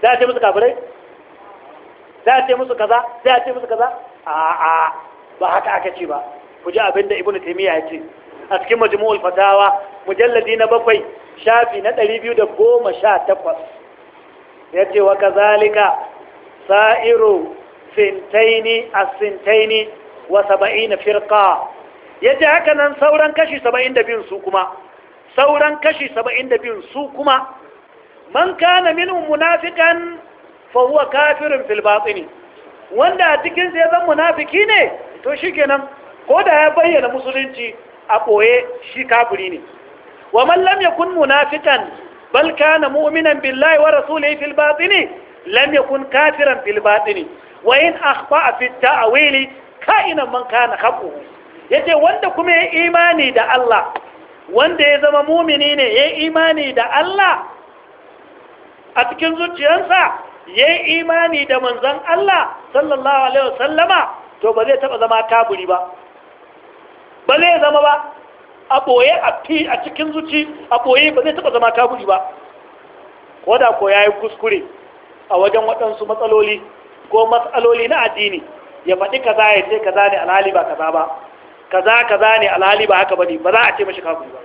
za a ce musu kafirai za a ce musu kaza za a ce musu kaza a'a ba haka aka ce ba ku ji abinda ibn Taimiyya ya ce a cikin majmu'ul fatawa mujalladi na bakwai shafi na ɗari biyu da goma sha takwas ya ce wa kazalika sa'iru sintaini asintaini wa saba'ina firqa yace haka nan sauran kashi 72 su kuma sauran kashi 72 su kuma man kana minhum munafiqan fa huwa kafirun fil batini wanda a cikin sai zan munafiki ne to shikenan ko da ya bayyana musulunci a boye shi kafiri ne wa man lam yakun munafiqan bal kana mu'minan billahi wa rasulihi fil batini lam yakun kafiran fil batini wa in akhfa fi ta'wili ka'inan man kana haquhu yace wanda kuma ya imani da Allah wanda ya zama mumini ne ya imani da Allah a cikin zuciyarsa ya imani da manzon Allah sallallahu alaihi wasallama to ba zai taba zama kaburi ba ba zai zama ba a boye a fi a cikin zuci a boye ba zai taba zama kaburi ba ko da ko yayi kuskure a wajen waɗansu matsaloli ko matsaloli na addini ya faɗi kaza ya ce kaza ne alhali ba kaza ba kaza kaza ne alhali ba haka bane ba za a ce mashi kafin ba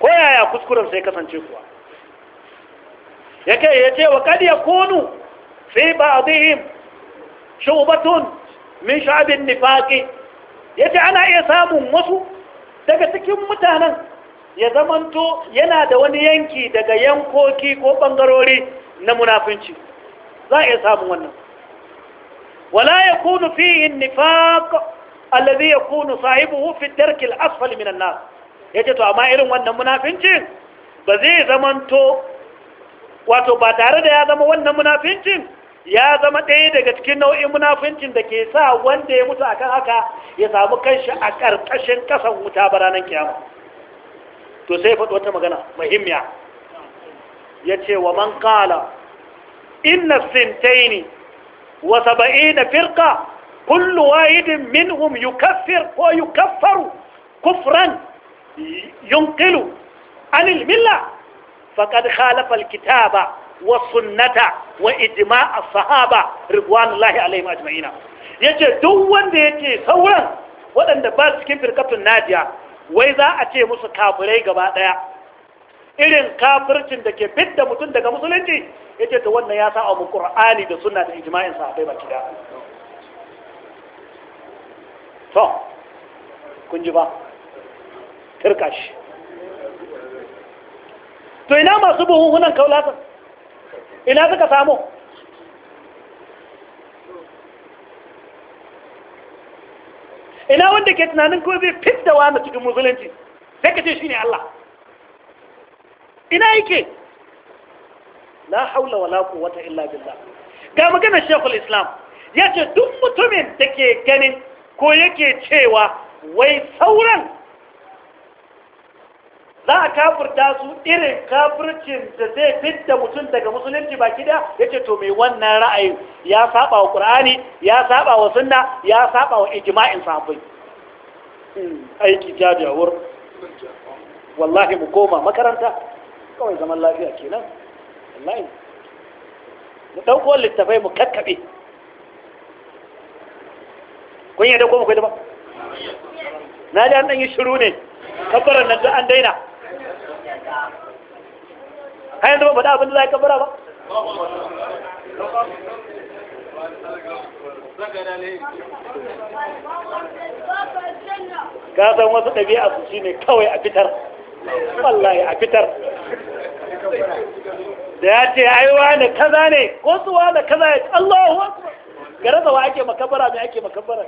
ko yaya kuskuren sai kasance kuwa Ya ke ya ce wa kad yakunu fi ba'dihim shubatun min nifaƙi Ya ce ana iya samun wasu daga cikin mutanen ya zamanto yana da wani yanki daga yankoki ko ɓangarori. na munafinci za a iya samun wannan wala ya kunu fiye nifaq alladhi yakunu sahibuhu fi darkil min an nas yace to amma irin wannan munafincin ba zai zamanto wato ba tare da ya zama wannan munafincin ya zama ɗaya daga cikin nau'in munafincin da ke sa wanda ya mutu akan haka ya samu kanshi a ƙarƙashin ƙasan wuta ba ranar kiyama to sai faɗi wata magana muhimmiya ya ce wa man ƙala inna sintaini wa saba'ina firka kullu wahidin minhum yukaffir ko yukaffaru kufran yunqilu anil milla faqad khalafa alkitaba wa sunnata wa ijma' a sahaba ridwanullahi alaihim ajma'ina yace duk wanda yake sauran waɗanda ba su cikin firqatun najiya wai za a ce musu kafirai gaba daya irin kafircin da ke fidda mutum daga musulunci ya ce ta wannan ya sa mu qur'ani da suna da sa sahabbai baki da to kun ji ba turka shi to ina masu buhunhunan kaulatan ina suka samu ina wanda ke tunanin kuma zai fit da wani cikin musulunci sai ka ce shi ne Allah ina yake la haula wala quwwata illa billah ga magana shekul islam yace duk mutumin da ke ganin ko yake cewa wai sauran za a kafurta su irin kafircin da zai fidda mutum daga musulunci baki da ya ce to mai wannan ra'ayi ya saba wa ƙur'ani ya saba wa sunna ya saba wa ijma'in sahabbai hmm, aiki jajawar wallahi mu koma makaranta kawai zaman lafiya kenan wallahi mu ɗauko littafai mu kakkaɓe kun yadda ko mu kai ba na ji an ɗanyi shiru ne kabbaran nan an daina har yanzu ba faɗa abin da za a kabbara ba ka san wasu ɗabi'a su shi ne kawai a fitar wallahi a fitar da ya ce aiwa da kaza ne ko suwa da kaza ya ce Allahu akbar Gara da wa ake makabara mai ake makabara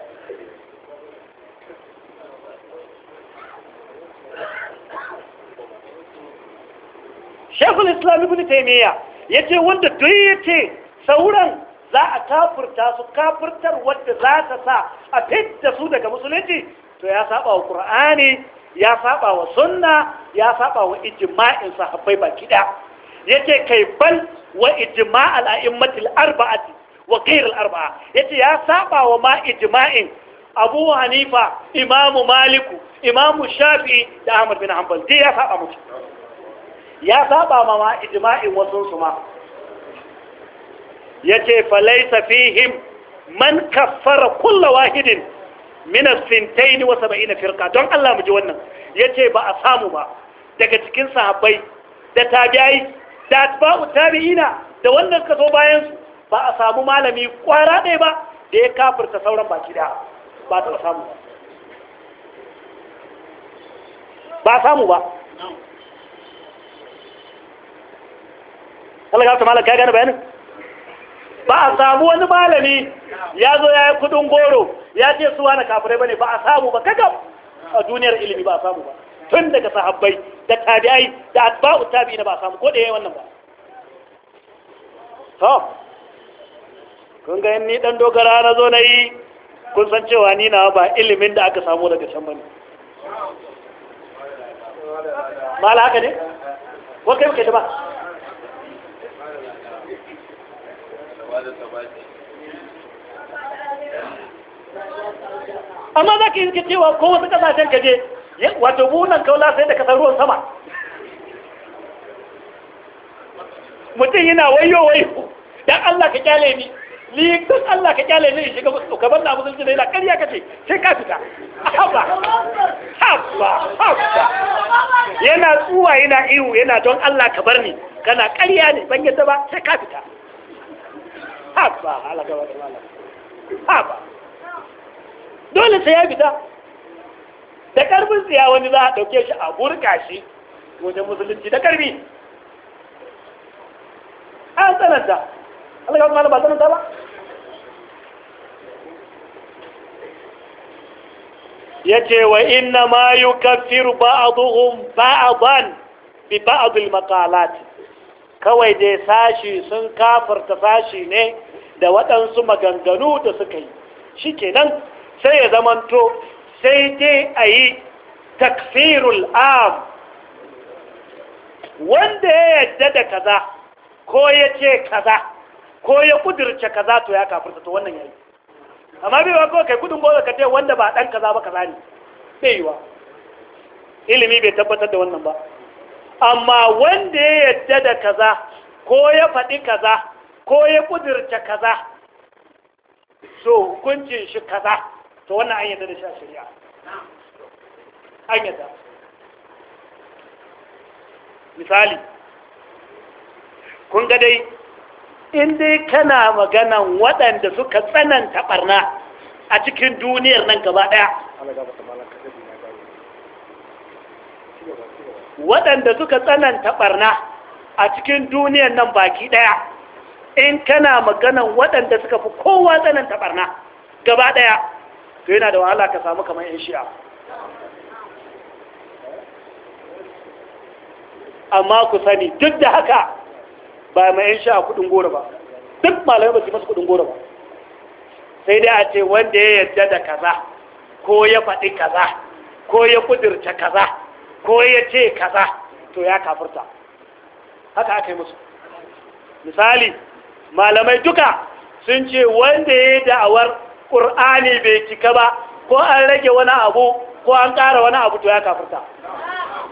shekul islam ibn taimiyya ya ce wanda duk ya ce sauran za a kafurta su kafurtar wadda za ta sa a da su daga musulunci to ya saba wa ƙura'ani ya saba wa sunna ya saba wa ijma'in sahabbai baki da yace kai bal wa ijma'al a'immatil arba'ati wa ghayr arbaa yace ya saba wa ma ijma'in Abu Hanifa Imamu Maliku Imamu Shafi'i da Ahmad bin Hanbal dai ya saba musu ya saba ma ma ijma'in wasu su ma yace falaysa fihim man kaffara kullu wahidin minas sintaini wa saba'ina firqa don Allah mu ji wannan yace ba a samu ba daga cikin sahabbai da tabi'ai da atba'u tabi'ina da wannan kaso zo bayan su ba a samu malami kwara ɗaya ba da ya kafirta sauran baki da ba ta samu ba ba samu ba Allah ya ta malaka gane bayanin ba a samu wani malami ya zo ya yi kudin goro ya ce suwa na kafirai bane ba a samu ba kaga a duniyar ilimi ba a samu ba tun daga sahabbai da tabi'ai da atba'u tabi'ina ba a samu ko da yayi wannan ba to kun ga ni dan dogara na zo na yi kun san cewa ni na ba ilimin da aka samu daga can bane mala haka ne ko kai kake da ba amma za ka yi cewa ko wasu kasashen kaje wato bunan kaula sai da kasar ruwan sama mutum yana wayo wayo dan Allah ka kyale ni ni Allah ka kyale ni shiga gaban na musulunci da ila ƙarya ce sai ka fita haba haba haba yana tsuwa yana ihu yana don Allah ka bar ni kana ƙarya ne ban yadda ba sai ka fita haba halaka haba dole sai ya fita da karfin tsiya wani za a ɗauke shi a burka shi wajen musulunci da karfi a tsananta alaƙar ya ba tsananta ba ya ce wa inna ma yi kafir ba'aduhun ba'adan bi ba'adul makalati kawai dai sashi sun kafarta sashi ne da waɗansu maganganu da suka yi shi kenan sai ya zamanto sai dai a yi takfirul am wanda ya yadda da kaza ko ya ce kaza ko ya kudirce kaza to ya kafirta to wannan yayi amma bai wako kai kudin goza ka ce wanda ba dan kaza ba kaza ne bai yiwa ilimi bai tabbatar da wannan ba amma wanda ya yadda da kaza ko ya faɗi kaza ko ya kudirce kaza so hukuncin shi kaza to wannan an yadda da shi a shari'a an yadda misali kun ga dai in dai kana maganan waɗanda suka tsananta ɓarna a cikin duniyar nan gaba ɗaya waɗanda suka tsananta ɓarna a cikin duniyar nan baki ɗaya in kana maganan waɗanda suka fi kowa tsananta ɓarna gaba ɗaya to yana da wahala ka samu kamar yan shi'a amma ku sani duk da haka ba mai yan shi'a kudin goro ba duk malamai ba su masu kudin goro ba sai dai a ce wanda ya yarda da kaza ko ya faɗi kaza ko ya kudirce kaza ko ya ce kaza to ya kafurta haka aka yi musu misali malamai duka sun ce wanda ya yi da'awar ƙur'ani bai cika ba ko an rage wani abu ko an ƙara wani abu to ya kafirta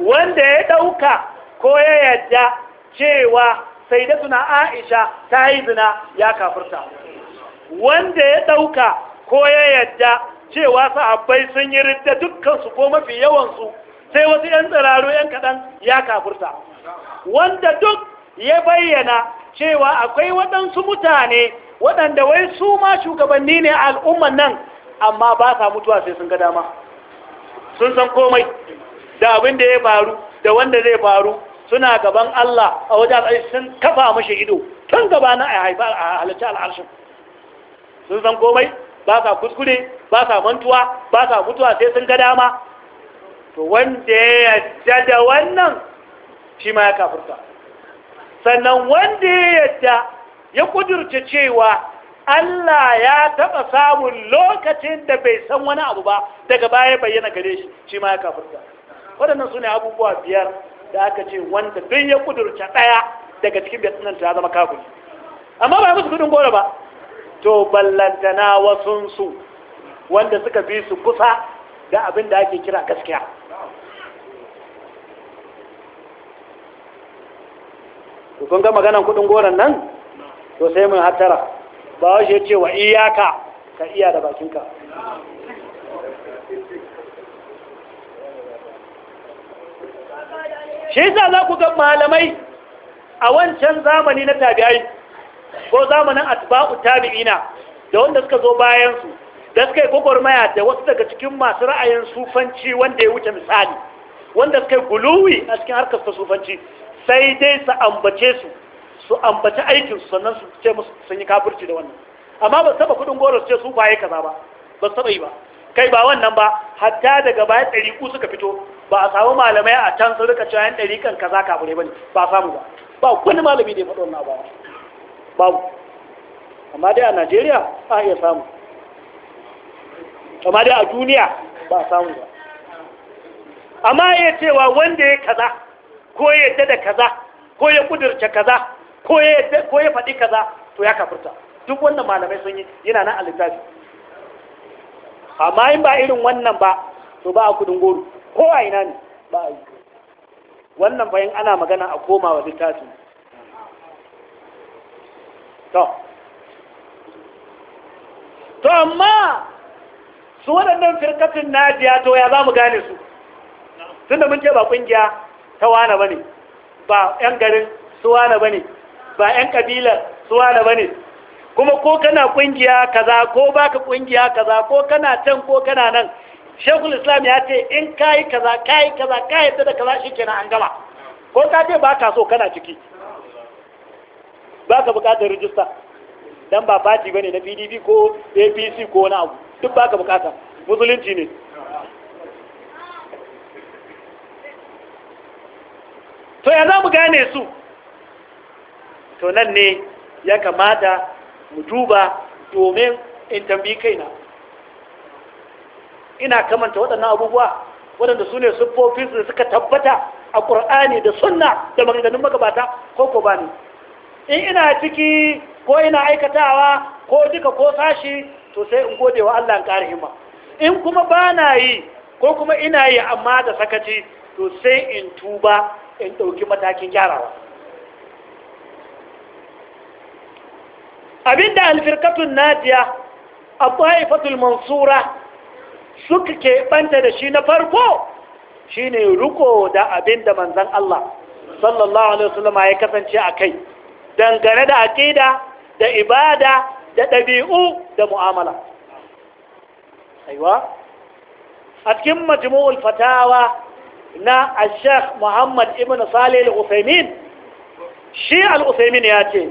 wanda ya ɗauka ko ya yadda cewa sai da suna aisha ta yi zina ya kafirta wanda ya ɗauka ko ya yadda cewa sahabbai sun yi ridda dukkansu ko mafi yawansu sai wasu 'yan tsararo 'yan kaɗan ya kafirta wanda duk ya bayyana cewa akwai waɗansu mutane waɗanda wai su ma shugabanni ne al'umman nan amma ba sa mutuwa sai sun ga dama sun san komai da abin da ya faru da wanda zai faru suna gaban Allah a wajen al'arshi sun kafa mashi ido tun gaba na a haifar a halarci al'arshin sun san komai ba sa kuskure ba sa mantuwa ba sa mutuwa sai sun ga dama to wanda ya yadda da wannan shi ma ya kafurta sannan wanda ya yadda ya kudurce cewa Allah ya taɓa samun lokacin da bai san wani abu ba daga baya bayyana gare shi shi ma ya kafirta waɗannan su ne abubuwa biyar da aka ce wanda duk ya kudurce ɗaya daga cikin bai ta zama kafiri amma ba musu kudin gora ba to ballantana su wanda suka bi su kusa da abin da ake kira gaskiya kun ga maganan kudin goron nan to sai mun hattara ba wa shi ce wa iyaka ka iya da bakinka shi yasa za ku ga malamai a wancan zamani na tabi'ai ko zamanin atba'u tabi'ina da wanda suka zo bayansu da suka yi gwagwarmaya da wasu daga cikin masu ra'ayin sufanci wanda ya wuce misali wanda suka yi guluwi a cikin harkar sufanci sai dai su ambace su su ambaci aikin su sannan su ce musu sun yi kafirci da wannan amma ba saba kudin goro su ce su kwaye kaza ba ba saba yi ba kai ba wannan ba hatta daga bayan ɗariƙu suka fito ba a samu malamai a can sun rika cewa ɗari kan kaza kafirai bane ba a samu ba ba wani malami da ya faɗo wannan ba amma dai a Najeriya a iya samu amma dai a duniya ba a samu ba amma ya cewa wanda ya kaza ko ya yadda da kaza ko ya kudurce kaza ko ya faɗi kaza to ya kafurta. duk wannan malamai sun yi yana nan a littafi amma in ba irin wannan ba to ba a kudin goro ko a ina ne ba a yi wannan bayan ana magana a komawa littafi to to amma su waɗannan firkatin najiya to ya za mu gane su tun da mun ce ba ƙungiya ta wane ba ne ba 'yan garin su wane ba ne ba 'yan kabilar suwana ba ne kuma ko kana kungiya kaza ko baka kungiya kaza ko kana can ko kana nan shekul islam ya ce in kayi kaza kayi kaza kayi ta da kaza shi na an gama ko ka ce ba ka so kana ciki ba ka bukatar rijista dan ba fati ba ne na pdp ko apc ko wani abu duk ba ka bukata musulunci ne to ya za mu gane su to nan ne ya kamata mu duba domin in tambi kaina ina kamanta waɗannan abubuwa waɗanda su ne siffofin su suka tabbata a ƙur'ani da sunna da maganganun magabata ko ko bani in ina ciki ko ina aikatawa ko duka ko sashi to sai in gode wa Allah in himma in kuma ba na yi ko kuma ina yi amma da sakaci to sai in tuba in ɗauki matakin gyarawa abinda alfirkatun Nadiya a ƙwaifatul mansura suka keɓanta da shi na farko shine riko da abinda manzan Allah sallallahu alaihi wasallama ya kasance a kai dangane da aƙida da ibada da ɗabi'u da mu'amala aiwa a cikin majmu'ul fatawa na al-sheikh Muhammad ibn Salih al-Uthaymeen shi al-Uthaymeen ya ce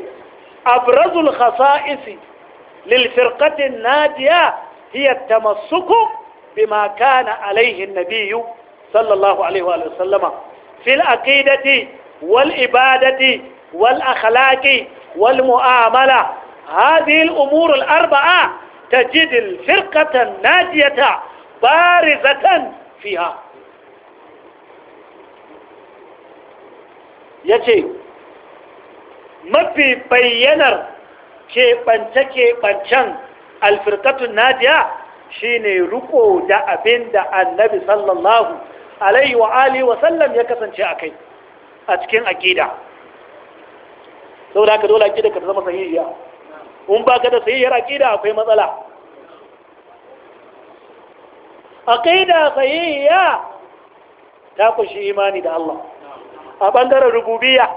أبرز الخصائص للفرقة الناجية هي التمسك بما كان عليه النبي صلى الله عليه وآله وسلم في العقيدة والإبادة والأخلاق والمؤاملة هذه الأمور الأربعة تجد الفرقة الناجية بارزة فيها يجب mafi bayyanar keɓance-keɓancen alfirkatun nadiya shi ne riko da abin da annabi sallallahu alaihi wa alihi wasallam ya kasance a kai a cikin aƙida sau da dole aƙida ka zama sahihiya in ba ka da sahihiyar aƙida akwai matsala aƙida sahihiya ta kushi imani da Allah a ɓangaren rububiya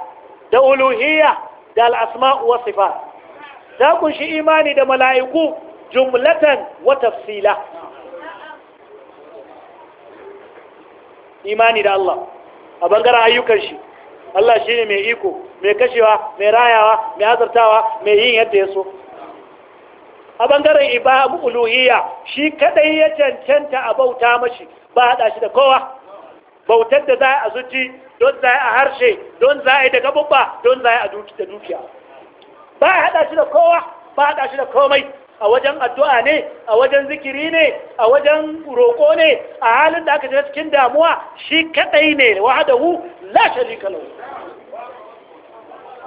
da uluhiyya da al'asma'u wa sifat ta kunshi imani da mala'iku jumlatan wata tafsila imani da Allah a bangaren ayyukan shi Allah shi ne mai iko mai kashewa mai rayawa mai azartawa mai yin yadda ya so a bangaren ibabu uluhiyya shi kadai ya cancanta a bauta mashi ba haɗa shi da kowa bautar da za a zuci don za a harshe don za a da gabubba don za a da dukiya ba a haɗa shi da kowa ba a haɗa shi da komai a wajen addu'a ne a wajen zikiri ne a wajen roƙo ne a halin da aka jira cikin damuwa shi kaɗai ne wahadahu la sharika lahu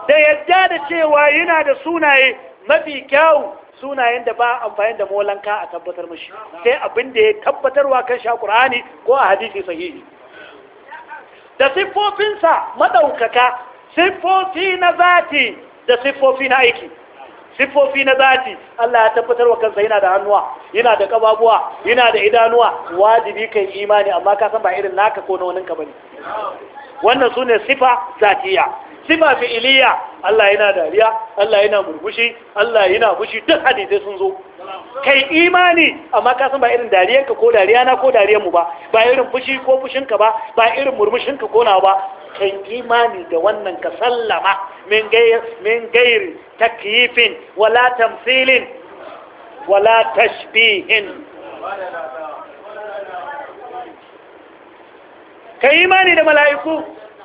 da yadda da cewa yana da sunaye mafi kyau sunayen da ba amfani da molanka a tabbatar mashi sai abin da ya tabbatarwa kan shi ƙur'ani ko a hadisi sahihi da siffofinsa maɗaukaka siffofi na zati da siffofi na aiki siffofi na zati Allah ya tabbatar wa kansa yana da hannuwa yana da kababuwa yana da idanuwa wajibi kai imani amma ka san ba irin naka ko na wani ka bane wannan sune sifa zatiya sifa iliya Allah yana dariya Allah yana murmushi Allah yana fushi duk hadisai sun zo kai imani amma ka san ba irin dariyanka ko dariya na ko dariyan mu ba ba irin fushi ko fushinka ba ba irin murmushinka ko na ba kai imani da wannan ka sallama min gair min gair takyifin wala tamthilin wala tashbihin Kai imani da mala'iku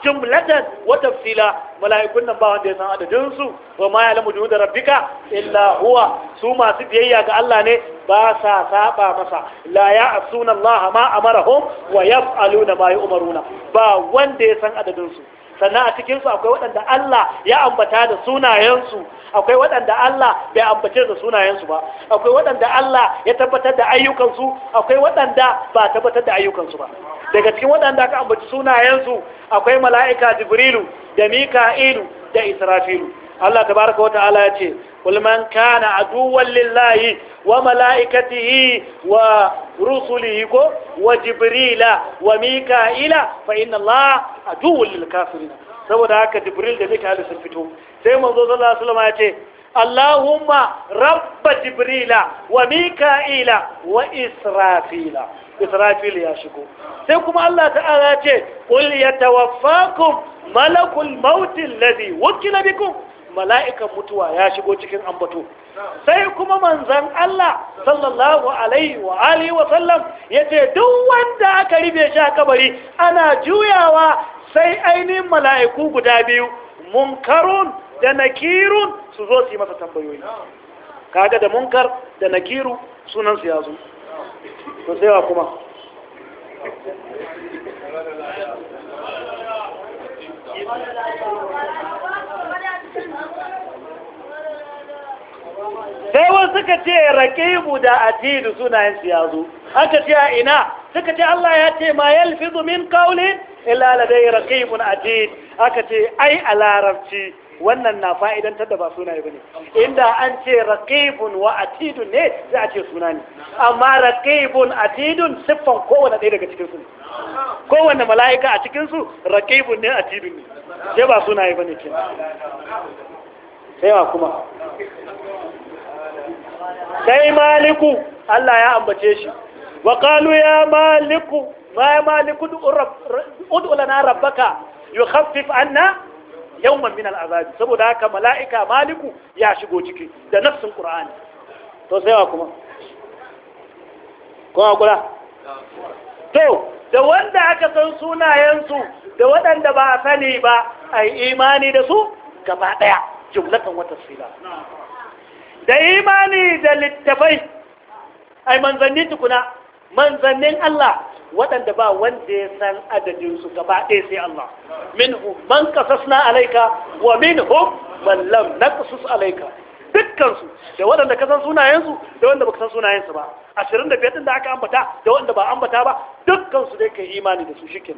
jumlatan wa tafsila mala'ikun nan ba wanda ya san adadin su wa ma ya'lamu da rabbika illa huwa su masu biyayya ga Allah ne ba sa saba masa la ya'suna Allah ma amarahum wa yaf'aluna ma umaruna. ba wanda ya san adadin su sannan a cikinsu akwai waɗanda Allah ya ambata da sunayensu akwai waɗanda Allah bai ambace da sunayensu ba akwai waɗanda Allah ya tabbatar da ayyukansu akwai waɗanda ba tabbatar da ayyukansu ba daga cikin waɗanda aka ambaci sunayensu akwai mala'ika jibrilu da mika'ilu da israfilu Allah tabaraka wa ta'ala ya ce kul man kana aduwwan lillahi wa mala'ikatihi wa rusulihi ko wa jibrila wa mika'ila fa inna Allah aduwwun kafirin saboda haka jibril da mika'il sun fito sai manzo sallallahu ya ce Allahumma rabba jibrila wa mika'ila wa israfila israfil ya shigo sai kuma Allah ta'ara ce qul yatawaffakum malakul maut alladhi wukila bikum mala'ikan mutuwa ya shigo cikin ambato sai kuma manzan Allah sallallahu alaihi wa alihi wa sallam ce duk wanda aka ribe shi a kabari ana juyawa sai ainihin mala'iku guda biyu munkarun da nakirun su zo su yi masa tambayoyi kaga da munkar da nakiru sunansu ya zo to sai wa kuma sai wasu suka ce raƙibu da addini suna ya zo aka ce a ina suka ce Allah ya ce ma yalfizu min kaulin illa ladai raqibun aka ce ai a larabci wannan na fa'idantar da ba sunaye ba ne inda an ce raƙibun wa atidun ne za a ce suna ne amma raƙibun atidun siffan kowane ɗaya daga cikinsu ne kowane mala'ika a cikinsu raƙibun ne atidun ne sai ba sunaye ba ne ke sai ma kuma sai maliku Allah ya ambace shi wa kalu ya maliku ma ya maliku ud'u lana rabbaka yukhaffif anna yawman min al'azabi saboda haka mala'ika maliku ya shigo ciki da nafsin qur'ani to sai wa kuma kuma kula to da wanda aka san sunayensu da waɗanda ba a sani ba a imani da su gaba ɗaya jumlatan wata sila da imani da littafai ai manzanni tukuna manzannin Allah waɗanda ba wanda ya san adadinsu gaba ɗaya sai Allah minhu man qasasna alaika wa minhum man lam naqsus alaika. dukkansu da waɗanda ka san sunayensu da waɗanda baka san sunayensu ba biyar ɗin da aka ambata da waɗanda ba ambata ba dukkansu dai kai imani da su shikin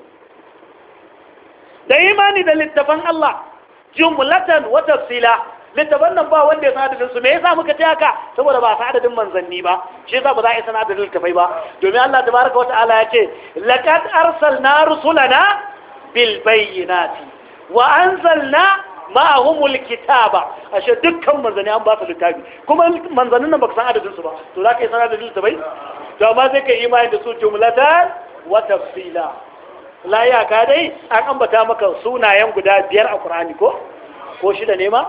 da imani da littafan Allah jumlatan wa tafsila littafan nan ba wanda ya san adadin su me yasa muka ce haka saboda ba san adadin manzanni ba shi yasa ba za a san adadin littafai ba domin Allah tabaraka wataala ya ce laqad arsalna rusulana bil bayyinati wa anzalna ma'ahumul kitaba ashe dukkan manzanni an ba su littafi kuma manzannin nan ba san adadin su ba to za ka yi san adadin littafai to amma sai ka yi imani da su jumlatan wa tafsila la ya ka dai an ambata maka sunayen guda biyar a Qur'ani ko ko shida ne ma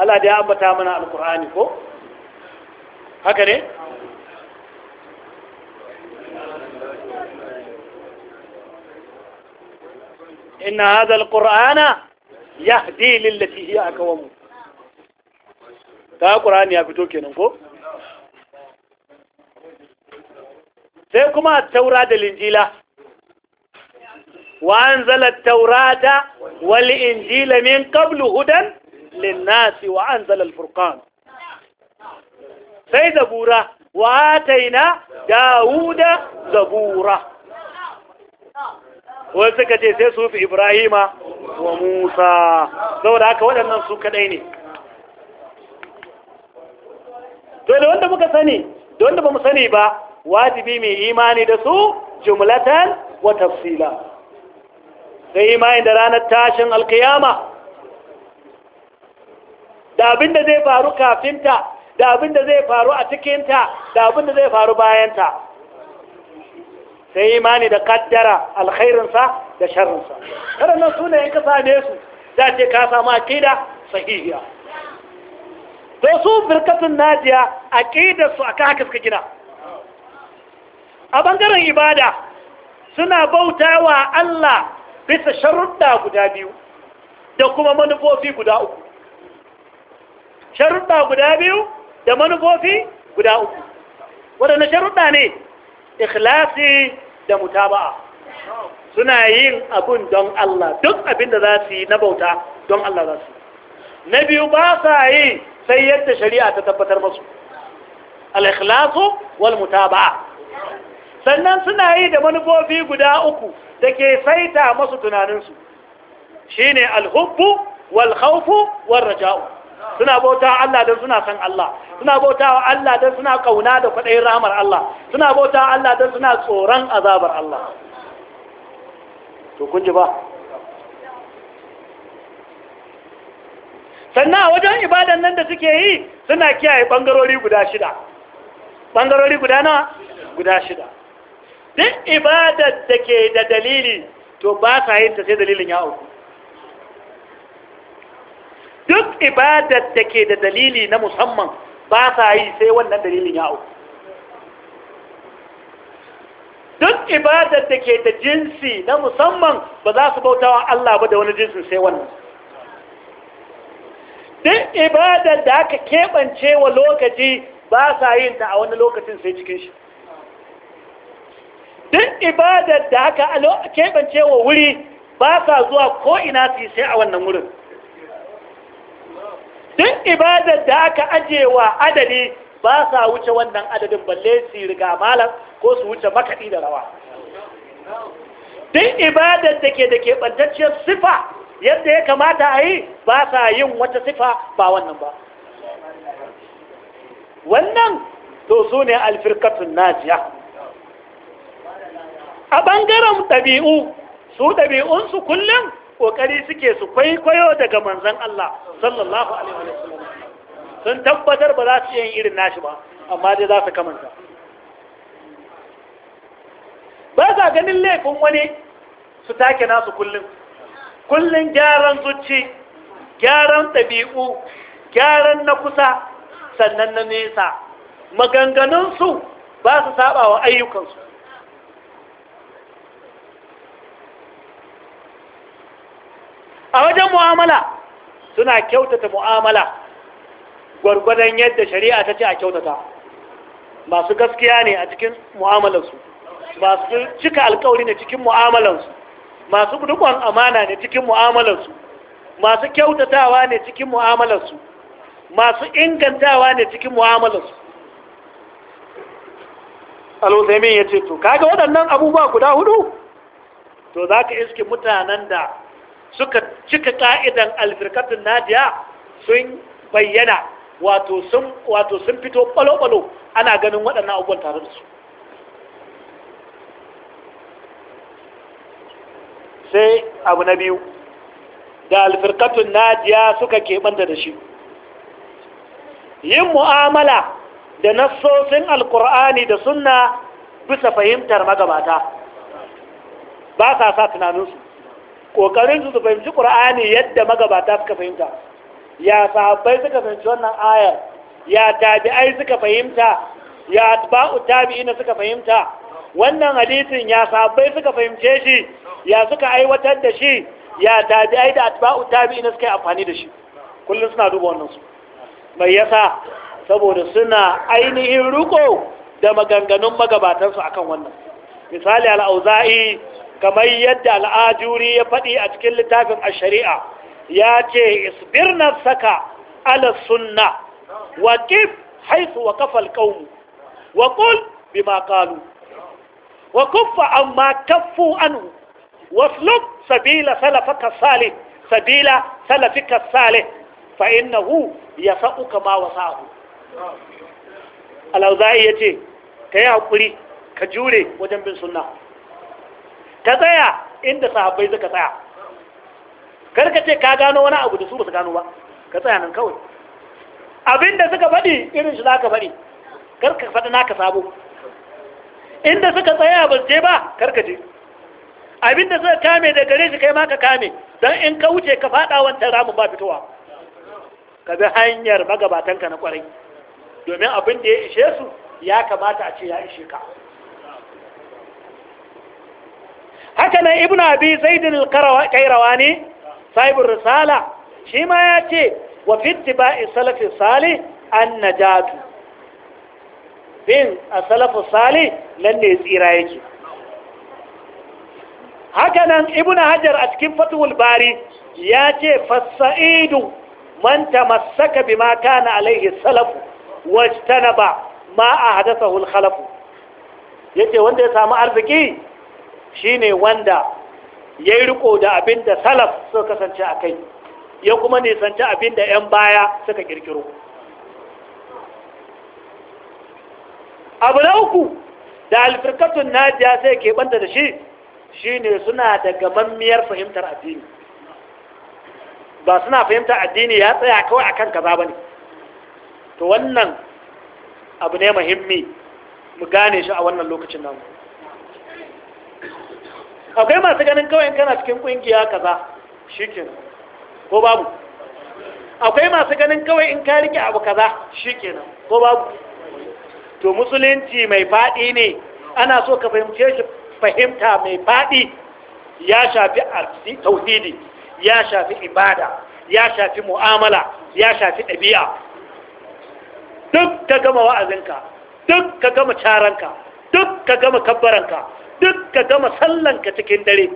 Allah da ya ambata mana alkur'ani ko haka ne inna hadha alqur'ana yahdi lillati hiya aqwam ta qur'ani ya fito kenan ko sai kuma taura da linjila wa anzala at-taurata wal injila min qablu hudan linnasi wa anzala al-furqan sai zabura wa ataina dawuda zabura wani suka ce sai sufi ibrahima wa musa saboda haka waɗannan su kaɗai ne to da wanda muka sani da wanda ba mu sani ba wajibi mai imani da su jumlatar wa tafsila sai imani da ranar tashin alkiyama da abin da zai faru kafinta da abin da zai faru a cikinta da abin da zai faru bayanta sai imani da kaddara alkhairinsa da sharrinsa waɗannan su ne in ka same su za ce ka samu aƙida sahihiya to su birkatun najiya aƙidarsu a haka suka gina a bangaren ibada suna bauta wa Allah bisa sharuɗa guda biyu da kuma manufofi guda uku sharuɗa guda biyu da manufofi guda uku waɗanda sharuɗa ne ikhlasi da mutaba'a suna yin abin don Allah duk abin da za su yi na bauta don Allah za su yi na biyu ba sa yi sai yadda shari'a ta tabbatar masu al-ikhlasu wal mutaba'a sannan suna yi da manufofi guda uku da ke saita masu tunaninsu shine al-hubbu wal khawfu wal raja'u suna bautawa Allah don suna san Allah suna bautawa Allah don suna kauna da kwaɗayin rahmar Allah suna bautawa Allah don suna tsoron azabar Allah to kun ji ba sannan a wajen ibadan nan da suke yi suna kiyaye bangarori guda shida bangarori guda na guda shida duk ibadar da ke da dalili to ba sa yin ta sai dalilin ya uku duk ibadar da ke da dalili na musamman ba sa yi sai wannan dalilin ya auku duk ibadar da ke da jinsi na musamman ba za su bautawa Allah ba da wani jinsin sai wannan duk ibadar da aka keɓance wa lokaci ba sa yin ta a wani lokacin sai cikin shi duk ibadar da aka keɓance wa wuri ba sa zuwa ko ina su yi sai a wannan wurin duk ibadar da aka ajewa adadi ba sa wuce wannan adadin balle su riga malam ko su wuce makaɗi da rawa duk ibadar da ke da ke keɓantacciyar sifa yadda ya kamata a yi ba sa yin wata sifa ba wannan ba wannan to su ne alfirkatun najiya a ɓangaren ɗabi'u su ɗabi'unsu kullum kokari suke su kwaikwayo daga manzon Allah sallallahu alaihi sallam sun tabbatar ba za su yin irin nashi ba amma dai za su kamanta ba za ganin laifin wani su take nasu kullum kullum gyaran zuci gyaran ɗabi'u gyaran na kusa sannan na nesa maganganunsu ba su saba wa ayyukansu a wajen mu'amala suna kyautata mu'amala gwargwadon yadda shari'a ta ce a kyautata masu gaskiya ne a cikin mu'amalarsu masu cika alkawari ne cikin mu'amalarsu masu dukkan amana ne cikin mu'amalarsu masu kyautatawa ne cikin mu'amalarsu masu ingantawa ne cikin mu'amalarsu al ya ce to kaga waɗannan abubuwa guda hudu to za ka iske mutanen da suka cika ka'idan alfirkatun nadiya sun bayyana wato sun fito balo-balo ana ganin waɗannan abubuwan tare da su sai abu na biyu da alfirkatun nadiya suka ke keɓanta da shi yin mu'amala da nassosin Alƙur'ani da sunna bisa fahimtar magabata ba sa sa tunaninsu kokarin su su fahimci qur'ani yadda magabata suka fahimta ya sahabbai suka fahimci wannan ayar ya tabi'ai suka fahimta ya atba'u tabi'ina suka fahimta wannan hadisin ya sahabbai suka fahimce shi ya suka aiwatar da shi ya tabi'ai da atba'u tabi'ina suka yi amfani da shi kullum suna duba wannan su mai yasa saboda suna ainihin riko da maganganun magabatansu akan wannan misali al'auza'i kamar yadda al'ajuri ya faɗi a cikin littafin a shari'a ya ce isbirnar saka ala sunna wa kif haisu wa kafal ƙaunu wa kul bi ma kalu wa kuffa amma kaffu anhu wasluk sabila salafaka salih sabila salafika salih fa innahu yasa'u kama wasa'u alauza'i yace yi hakuri ka jure wajen bin sunna ka tsaya inda sahabbai suka tsaya karka ce ka gano wani abu da su ba su gano ba ka tsaya nan kawai abinda suka faɗi irin shi za ka faɗi karka faɗi naka sabo inda suka tsaya ba je ba karka je abinda suka kame da gare shi kai ma ka kame don in ka wuce ka faɗa wancan ramin ba fitowa ka bi hanyar magabatanka na kwarai domin abin da ya ishe su ya kamata a ce ya ishe ka haka nan ibn abi zaidin al ne sahibul risala shi ma ya ce wa fi tibai salafi salih annajatu bin as-salafu salih lalle tsira yake haka nan ibn hajar a cikin fatul bari ya ce fasa'idu man tamassaka bima kana alaihi salafu wajtanaba ma a al-khalafu yace wanda ya samu arziki shine wanda ya yi riko da abin da salaf suka kasance a kai ya kuma nisanci abin da 'yan baya suka kirkiro abu na uku da alfirkatun najiya sai ke banta da shi shine suna da gamammiyar fahimtar addini ba suna fahimtar addini ya tsaya kawai akan kaza ba ne to wannan abu ne muhimmi mu gane shi a wannan lokacin namu akwai masu ganin kawai kana cikin kungiya kaza shikin ko babu akwai masu ganin kawai in ka rike abu kaza shikenan ko babu to musulunci mai fadi ne ana so ka fahimce shi fahimta mai fadi ya shafi tauhidi ya shafi ibada ya shafi mu'amala ya shafi ɗabi'a duk ka gama wa'azinka duk ka gama caranka duk ka gama kabbaranka duk ka gama sallanka cikin dare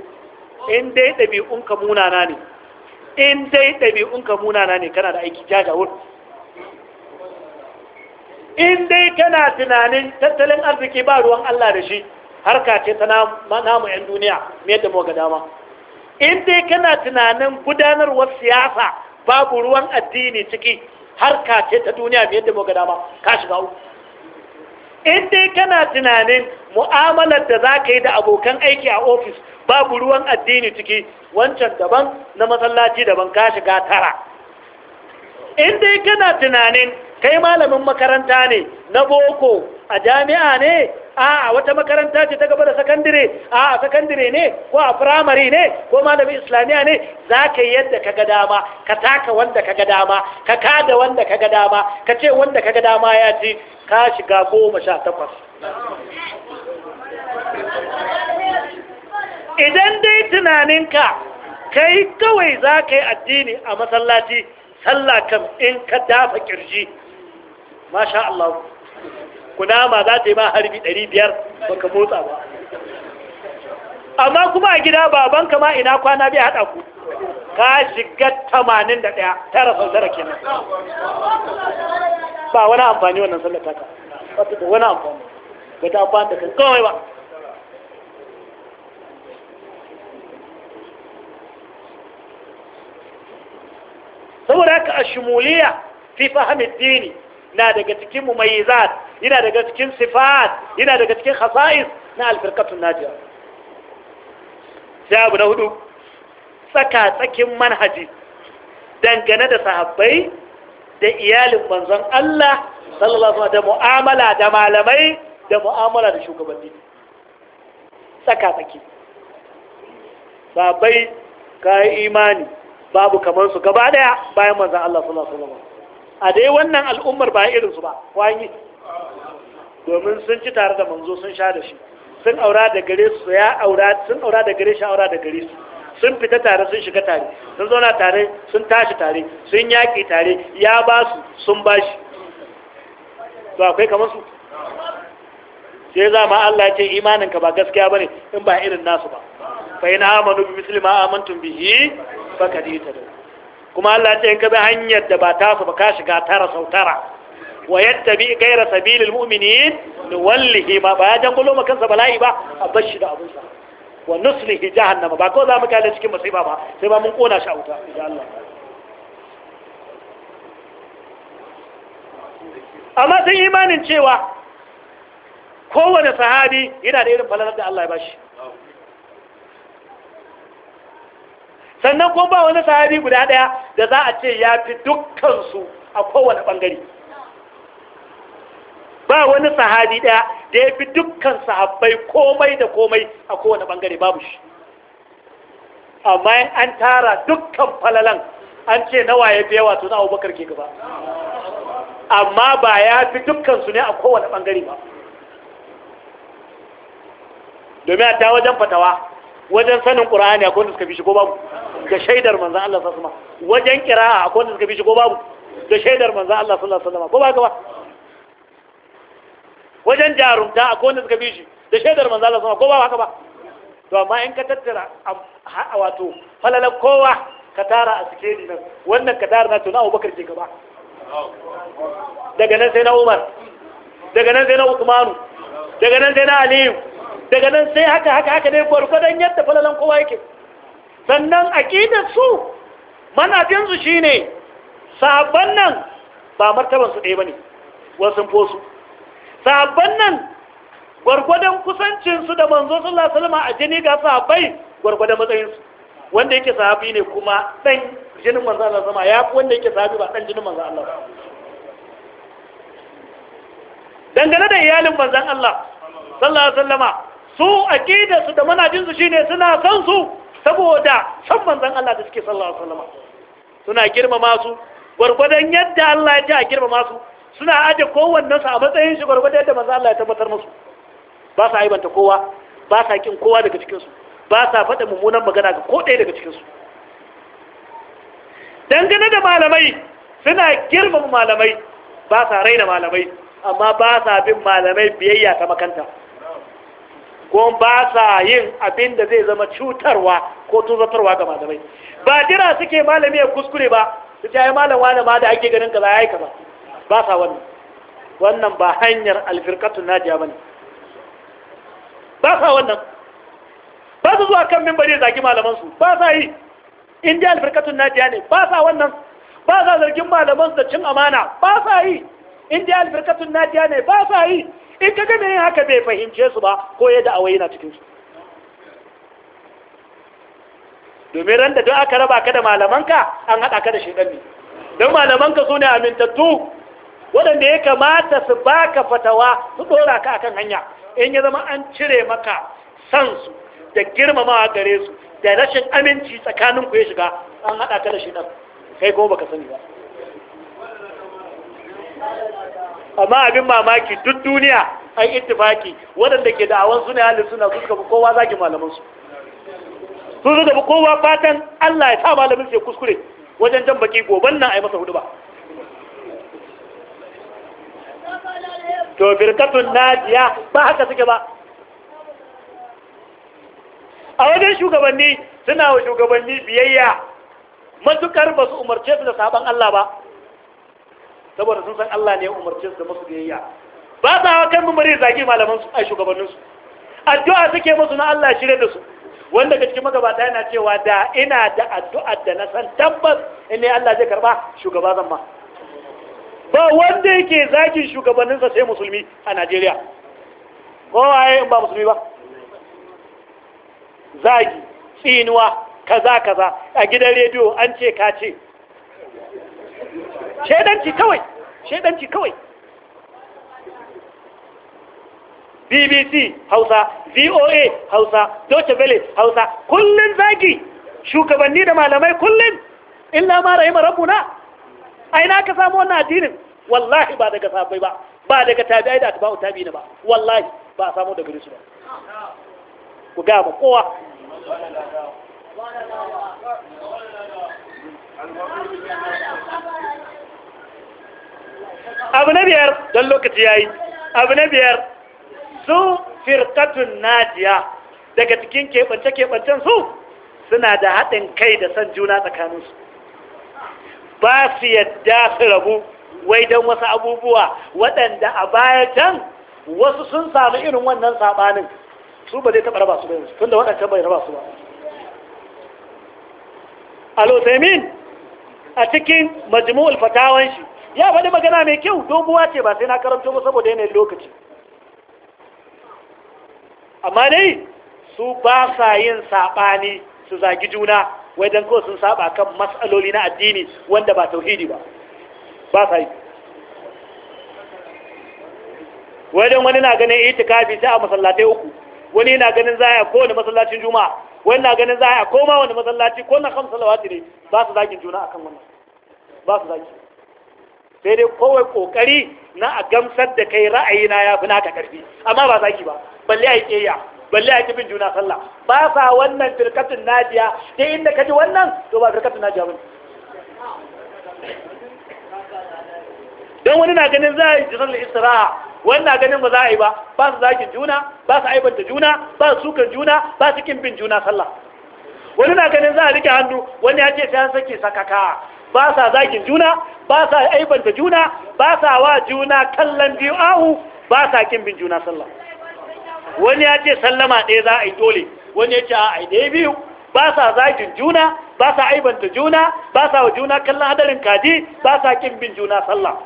in dai ɗabi'unka munana ne in dai ɗabi'unka munana ne kana da aiki jajawur in dai kana tunanin tattalin arziki ba ruwan Allah da shi harka ce ta namu 'yan duniya mai da ga dama in dai kana tunanin gudanarwar siyasa babu ruwan addini ciki harka ce ta duniya mai da ga dama ka shiga uku in dai kana tunanin mu'amalar da za ka yi da abokan aiki a ofis babu ruwan addini ciki wancan daban na masallaci daban ka shiga tara in dai kana tunanin kai malamin makaranta ne na boko a jami'a ne a wata makaranta ce ta gaba da sakandire a sakandire ne ko a firamare ne ko malamin islamiyya ne za ka yi yadda ka ga dama ka taka wanda ka ga dama ka kada wanda ka ga dama ka ce wanda ka ga dama ya ji ka shiga goma sha takwas idan dai tunaninka kai kawai za ka yi addini a masallaci sallah kam in ka dafa kirji masha Allah kunama za ta yi ma harbi 500 baka motsa ba amma kuma a gida baban kama ina kwana bai haɗa ku ka shiga 81 tara sautara kenan ba wani amfani wannan sallata ka wata da wani amfani ta amfani da kan kawai ba saboda ka a shimuliya fi fahimtini dini na daga cikin mumayyizat yana daga cikin sifat yana daga cikin khasa'is na alfirqatun najiya sai abu na hudu tsaka tsakin manhaji dangane da sahabbai da iyalin manzon Allah sallallahu alaihi da mu'amala da malamai da mu'amala da shugabanni tsaka tsaki sahabbai kai imani babu kamar su gaba daya bayan manzon Allah sallallahu alaihi wasallam a dai wannan al'ummar ba irinsu ba wani domin sun ci tare da manzo sun sha da shi sun aura da gare su ya aura sun aura da gare shi aura da gare su sun fita tare sun shiga tare sun zauna tare sun tashi tare sun yaƙi tare ya ba su sun ba shi to akwai kamar su sai za ma Allah ce imaninka ba gaskiya bane in ba irin nasu ba fa ina amanu bi muslima amantum bihi fa kadita kuma Allah ya ce in ka bi hanyar da ba ta su ba ka shiga tara sau tara wa yadda bi gaira sabilil mu'minin nuwallihi ma ba ya jangulo ma kansa bala'i ba a bar shi da abinsa wa nuslihi jahannama ba ko za mu kale cikin musiba ba sai ba mun kona shi a wuta insha Allah amma sai imanin cewa kowane sahabi yana da irin falalar da Allah ya bashi sannan kuma ba wani sahabi guda daya da za a ce ya fi dukkansu a kowane bangare ba wani sahabi daya da ya fi dukkan sahabbai komai da komai a kowane bangare babu shi amma an tara dukkan falalan an ce nawa ya fi yawa to na abubakar ke gaba amma ba ya fi dukkansu ne a kowane bangare ba domin a ta wajen fatawa wajen sanin ƙura'ani akwai da suka fi shi ko babu ga shaidar manzan Allah sallallahu alaihi wajen kira'a akwai wanda suka bi shi ko babu ga shaidar manzan Allah sallallahu alaihi wasallam ko ba gaba wajen jarumta akwai wanda suka bi shi da shaidar manzan Allah sallallahu alaihi ko ba haka ba to amma in ka tattara a wato falala kowa ka tara a sikeli nan wannan ka tara na to na Abubakar ke gaba daga nan sai na Umar daga nan sai na Uthmanu daga nan sai na Aliyu daga nan sai haka haka haka dai gwargwadon yadda falalan kowa yake sannan aƙidar manajinsu manajin su shine sabon nan ba martabansu su ba ne, wasan fosu sabon nan gwargwadon kusancinsu da manzo sallallahu alaihi a jini ga sahabbai gwargwadon matsayinsu. su wanda yake sahabi ne kuma dan jinin manzo Allah sama ya fi wanda yake sahabi ba dan jinin manzo Allah dangane da iyalin manzon Allah sallallahu alaihi wasallama su aqida da manajinsu shine suna san su saboda san manzon Allah da suke sallallahu alaihi wasallam suna girmama su gwargwadon yadda Allah ya ji a girmama su suna aje kowannen su a matsayin shi gwargwadon yadda manzon Allah ya tabbatar musu ba sa aibanta kowa ba sa kin kowa daga cikin su ba sa faɗa mummunan magana ga ko ɗaya daga cikin su dangane da malamai suna girmama malamai ba sa raina malamai amma ba sa bin malamai biyayya ta makanta ko ba sa yin abin da zai zama cutarwa ko tuzatarwa ga malamai ba jira suke malami ya kuskure ba su ta yi malam wani ma da ake ganin kaza ya yi kaza ba sa wannan wannan ba hanyar alfirkatun najiya ba ne ba sa wannan ba su zuwa kan yi zaki malamansu ba sa yi in ji na najiya ne ba sa wannan ba sa zargin malamansu da cin amana ba sa yi in ji na najiya ne ba sa yi in ka ga mai haka bai fahimce su ba ko ya da'awa yana cikin su domin ran da duk aka raba ka da malamanka an haɗa ka da shaidan ne don malamanka su ne amintattu waɗanda ya kamata su baka fatawa su ɗora ka akan hanya in ya zama an cire maka san su da girmamawa gare su da rashin aminci tsakanin ku ya shiga an haɗa ka da shaidan kai ba baka sani ba amma abin mamaki duk duniya an ittifaki waɗanda ke da'awan suna halin suna su suka fi kowa zagin malamansu su da fi kowa fatan Allah ya sa malamin ya kuskure wajen jan baki goban nan a yi masa hudu ba to firkatun najiya ba haka suke ba a wajen shugabanni suna wa shugabanni biyayya matukar ba su umarce su da sabon Allah ba saboda sun san Allah ne ya umarce su da musu biyayya ba sa wa kan mummari zagi malaman su a shugabannin su addu'a suke musu na Allah shirye da su wanda daga cikin magabata yana cewa da ina da addu'a da na san tabbas in ne Allah zai karba shugaba zan ma ba wanda yake shugabannin sa sai musulmi a Najeriya Ko waye in ba musulmi ba zagi tsinuwa kaza kaza a gidan rediyo an ce ka ce shaidanci kawai shaidanci kawai bbc hausa voa hausa deutsche welle hausa kullum zagi shugabanni da malamai kullum illa ma rahima rabbuna aina ka samu wannan addinin wallahi ba daga sabai ba ba daga tabi'ai da atba'u tabi'ina ba wallahi ba a samu daga gare su ba ku ga ba kowa abu na biyar don lokaci ya yi abu na biyar su firkatun najiya daga cikin keɓance-keɓancen su suna da haɗin kai da son juna tsakaninsu ba su yadda su rabu wai don wasu abubuwa waɗanda a baya can wasu sun samu irin wannan saɓanin su ba zai taɓa raba su bayan tun da waɗancan bai raba su ba al a cikin majmu'ul fatawan shi ya faɗi magana mai kyau buwa ce ba sai na karanto ba saboda yanayin lokaci amma dai su ba sa yin saɓani su zagi juna wai don kawai sun saɓa kan matsaloli na addini wanda ba tauhidi ba ba sa yi wai don wani na ganin itikafi sai a masallatai uku wani na ganin za a kowane masallacin juma'a wani na ganin za a koma wani masallaci ko na kan salawati ne ba su zagin juna akan wannan ba su zagin sai dai kowai kokari na a gamsar da kai ra'ayina ya fi naka karfi amma ba zaki ba balle a yi ƙeya balle a kifin juna sallah ba sa wannan firkatun najiya dai inda ka ji wannan to ba firkatun najiya bane don wani na ganin za a yi jirar isra'a wani na ganin ba za a yi ba ba su zakin juna ba su aibanta juna ba su sukan juna ba su kin juna sallah wani na ganin za a rike hannu wani ya ce sai an sake sakaka ba sa zakin juna ba sa aibanta juna ba sa wa juna kallon biyu ahu ba sa kin bin juna sallah wani ya ce sallama ɗaya za a yi dole wani ya ce a yi ɗaya biyu ba sa zakin juna ba sa aibanta juna ba sa wa juna kallon hadarin kaji ba sa kin bin juna sallah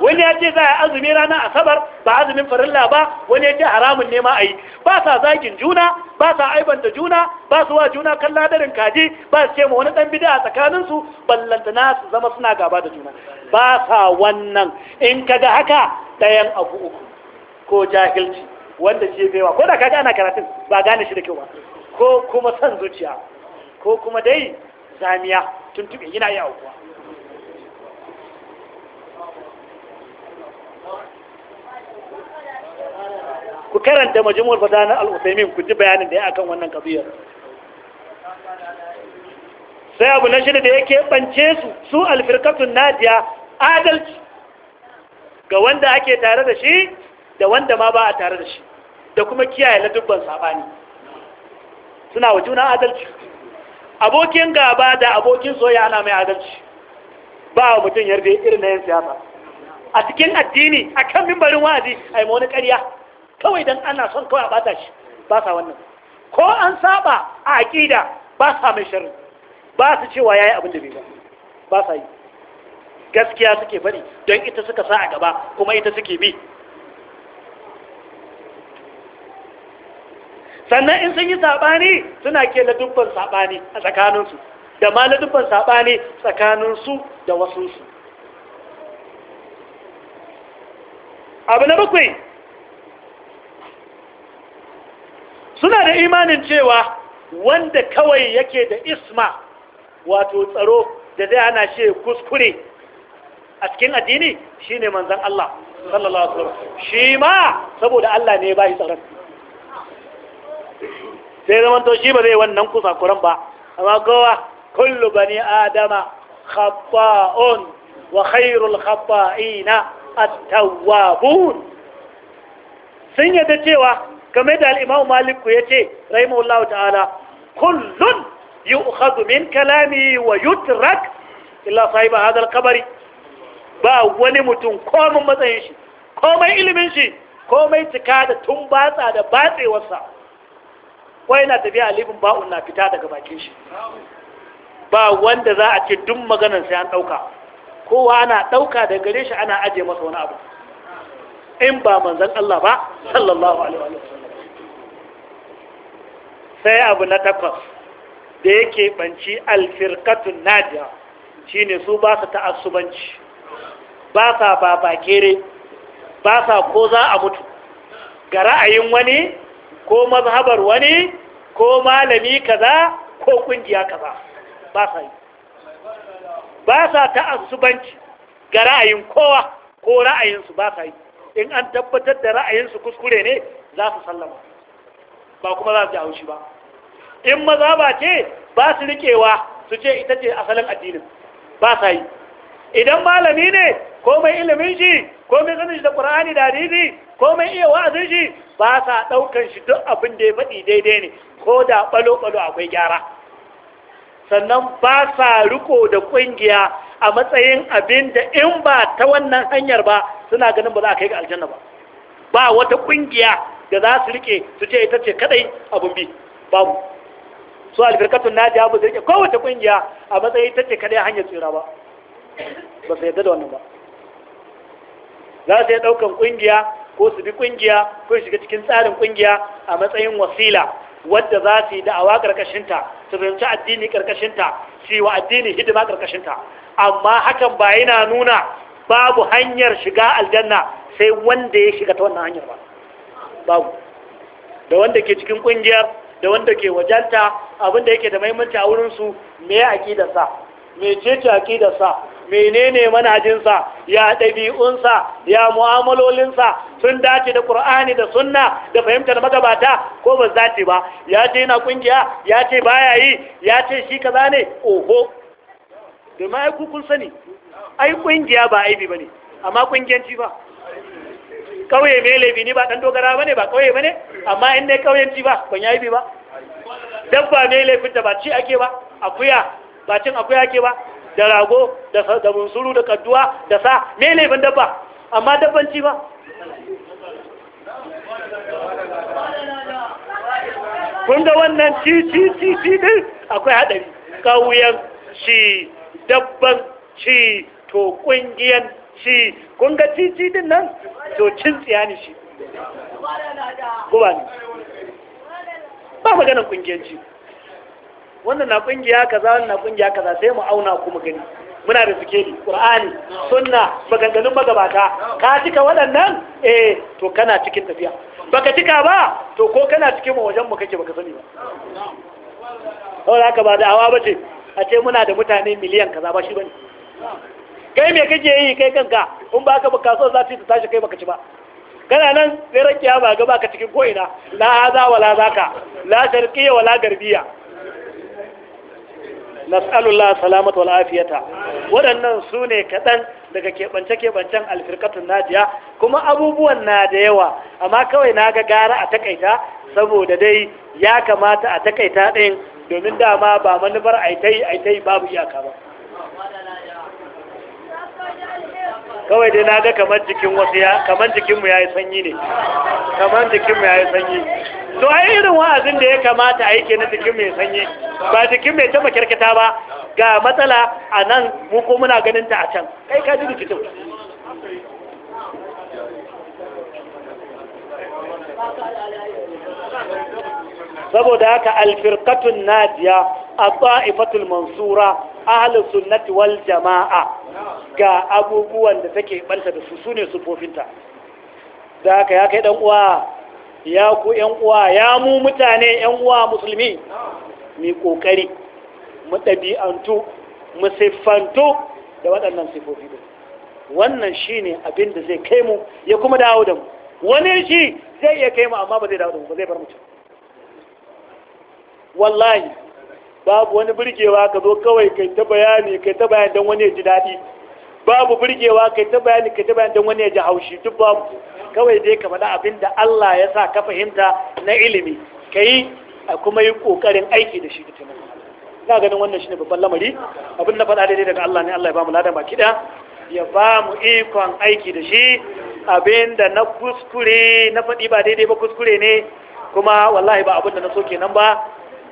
wani ya ce za a yi azumi ranar asabar ba azumin farilla ba wani ya ce haramun ne ma a yi ba sa zagin juna ba sa aibanta juna ba su wa juna kan ladarin kaji ba su ce ma wani dan bid'a tsakaninsu su na su zama suna gaba da juna ba sa wannan in ka ga haka ɗayan abu uku ko jahilci wanda shi wa ko da ga ana karatun ba gane shi da kyau ba ko kuma son zuciya ko kuma dai zamiya tuntuɓe yana yi aukuwa ku karanta majmu'ul fatawa na ku ji bayanin da ya akan wannan kabiyar sai abu na shida da yake bance su su alfirkatun nadiya adalci ga wanda ake tare da shi da wanda ma ba a tare da shi da kuma kiyaye na dubban sabani suna wa juna adalci abokin gaba da abokin soyayya ana mai adalci ba wa mutum yarda irin na yin siyasa a cikin addini a kan mimbarin wa'azi a yi wani ƙarya kawai don ana son kawai a bata shi ba sa wannan ko an saba a aƙida ba sa mai shirin ba su cewa yi abin da bai ba sa yi gaskiya suke bari don ita suka sa a gaba kuma ita suke bi sannan in sun yi saɓani suna ke ladubban saɓani a tsakaninsu da ma ladubban saɓani tsakaninsu da su abu na bakwai suna da imanin cewa wanda kawai yake da isma wato tsaro da zai hana shi kuskure a cikin addini shine manzon Allah sallallahu alaihi wasallam shi ma saboda Allah ne ba bashi tsaron sai zaman shi ba zai wannan kusakuran ba amma kowa kullu bani adama khata'un wa khairul khata'ina at-tawwabun sun yadda cewa kamar da al'imamu maliku ya ce rahimahullahu ta'ala kullum yi ukhadu min kalami wa yutrak illa sahiba hadal kabari ba wani mutum komin matsayin shi komai ilimin shi komai cika da tun batsa da batsewarsa wai na tafiya alibin ba'un na fita daga bakin shi ba wanda za a ce duk maganar sai an ɗauka kowa ana ɗauka da gare shi ana aje masa wani abu in ba manzan Allah ba sallallahu alaihi wa sai abu na takwas da yake banci alfirkatun nadiya shine su ba su ta'assubanci ba sa babakere ba sa ko za a mutu ga ra'ayin wani ko mazhabar wani ko malami kaza ko kungiya kaza ba sa yi ba sa ta'assubanci ga ra'ayin kowa ko ra'ayinsu ba sa yi in an tabbatar da ra'ayinsu kuskure ne za su sallama ba kuma za su ji haushi ba in maza ba ce ba su riƙewa su ce ita ce asalin addinin ba sa yi idan malami ne ko mai ilimin shi ko mai sanin shi da ƙur'ani da hadisi ko mai iya wa'azin shi ba sa ɗaukan shi duk abin da ya faɗi daidai ne ko da ɓalo-ɓalo akwai gyara sannan ba sa riko da ƙungiya a matsayin abin da in ba ta wannan hanyar ba suna ganin ba za a kai ga aljanna ba ba wata ƙungiya da za su rike su ce ita ce kadai abun bi babu su alfirkatun na jabu su rike kowace kungiya a matsayin ita ce kadai hanyar tsira ba ba su yadda da wannan ba za su yi daukan kungiya ko su bi kungiya ko shiga cikin tsarin kungiya a matsayin wasila wadda za su yi da'awa karkashinta su fahimci addini karkashinta su yi wa addini hidima karkashinta amma hakan ba yana nuna babu hanyar shiga aljanna sai wanda ya shiga ta wannan hanyar ba babu da wanda ke cikin kungiyar da wanda ke wajenta abinda yake da mahimmanci a wurinsu me ya sa me ce sa menene manajinsa, ya ɗabi'unsa ya mu'amalolinsa sun dace da ƙur'ani da sunna da fahimtar magabata ko ba zati ba ya ce yana ƙungiya ya ce baya yi ya ce shi kaza ne oho Da ai kun sani ai ƙungiya ba aibi ba ne amma kungiyanci ba kawai mai laifi ni ba ɗan dogara ba ne ba ba ne, amma in dai ci ba ban yi bi ba dabba mai laifin da ba ci ake ba akuya ba cin akuya ake ba da rago da da da kadduwa da sa mai laifin dabba amma dabban ci ba kun da wannan ci ci ci ci din akwai haɗari kawuyan ci dabban ci to kungiyan ci kun ga cici din nan to cin tsiya ne shi Kuma ne ba ganin kungiyanci wannan na kungiya kaza wannan na kungiya kaza sai mu auna kuma gani muna da sikeli qur'ani sunna maganganun magabata ka cika waɗannan eh to kana cikin tafiya baka cika ba to ko kana cikin mu wajen mu kake baka sani ba saboda haka ba da awa bace a ce muna da mutane miliyan kaza ba shi bane kai me kake yi kai kanka in ba ka ba kaso za ta tashi kai baka ci ba kana nan sai rakiya ba ga baka cikin ko ina la hada wala zaka la sharqiyya wala garbiya nas'alullah salamat wal afiyata waɗannan su ne kaɗan daga keɓance-keɓancen alfirkatun najiya kuma abubuwan na da yawa amma kawai na ga gara a takaita saboda dai ya kamata a takaita ɗin domin dama ba manufar aitai aitai babu iyaka ba kawai dai na ga kamar jikin wasu ya kamar jikinmu ya yi sanyi ne kamar jikinmu ya yi sanyi to a irin wa'azin da ya kamata a yi na jikin mai sanyi ba jikin mai ta kirkita ba ga matsala a nan mu ko muna ganin ta a can kai ka ji rikicin saboda haka alfirkatun najiya a ta'ifatul mansura ahlus sunnati wal jama'a ga abubuwan da take banta da su sune sufofinta da haka ya kai dan uwa ya ku yan uwa ya mu mutane yan uwa musulmi mai kokari mu dabi'antu mu siffantu da waɗannan sifofi din wannan shine abin da zai kai mu ya kuma dawo da mu wani shi zai iya kai mu amma ba zai dawo da mu ba zai bar mu wallahi babu wani burgewa ka zo kawai kai ta bayani kai ta bayani don wani ya ji daɗi babu burgewa kai ta bayani kai ta bayani don wani ya ji haushi duk babu kawai dai ka faɗa abin da Allah ya sa ka fahimta na ilimi ka yi kuma yi ƙoƙarin aiki da shi da taimako ina ganin wannan shine babban lamari abin na faɗa daidai daga Allah ne Allah ya ba mu ladan baki da ya ba mu ikon aiki da shi abin da na kuskure na faɗi ba daidai ba kuskure ne kuma wallahi ba abin da na so kenan ba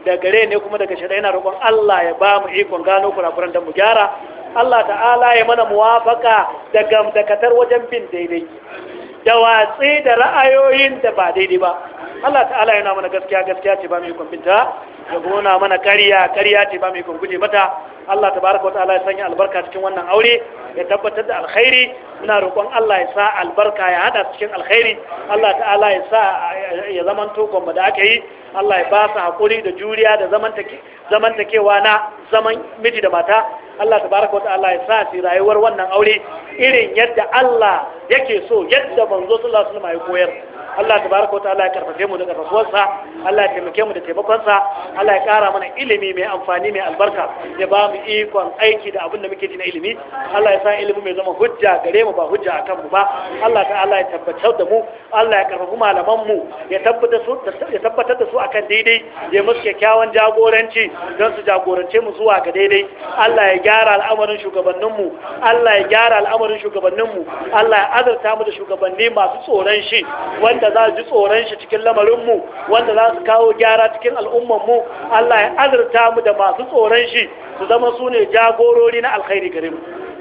da gare ne kuma daga shari'a yana roƙon Allah ya ba mu ikon gano kurakuran da mu gyara Allah ta'ala ya mana muwafaka da gamdakatar wajen bin daidai da watsi da ra'ayoyin da ba daidai ba Allah ta'ala yana mana gaskiya gaskiya ce ba mu ikon binta ya gona mana kariya kariya ce ba mu ikon guje mata Allah tabaraka wa ta'ala ya sanya albarka cikin wannan aure ya tabbatar da alkhairi muna roƙon Allah ya sa albarka ya hada cikin alkhairi Allah ta'ala ya sa ya zamanto gwamba da aka yi Allah ya ba su haƙuri da juriya da zamantakewa na zaman miji da mata Allah baraka wa ta'ala ya sa su rayuwar wannan aure irin yadda Allah yake so yadda manzo sallallahu alaihi wasallam ya koyar Allah tabaraka wata ta'ala ya karfafe mu da karfafuwarsa Allah ya taimake mu da taimakonsa Allah ya kara mana ilimi mai amfani mai albarka ya ba mu ikon aiki da abin da muke ji na ilimi Allah ya sa ilimi mai zama hujja gare mu ba hujja akan mu ba Allah ta'ala ya tabbatar da mu Allah ya karfafi malaman mu ya tabbatar su ya tabbatar da su akan daidai ya musu kyakkyawan jagoranci don su jagorance mu zuwa ga daidai Allah ya gyara al'amarin shugabannin mu Allah ya gyara al'amarin shugabannin mu Allah ya azurta mu da shugabanni masu tsoron shi wani wanda za ji tsoron shi cikin lamarinmu wanda za su kawo gyara cikin al'ummanmu Allah ya azurta mu da masu tsoron shi su zama su ne jagorori na alkhairi gare mu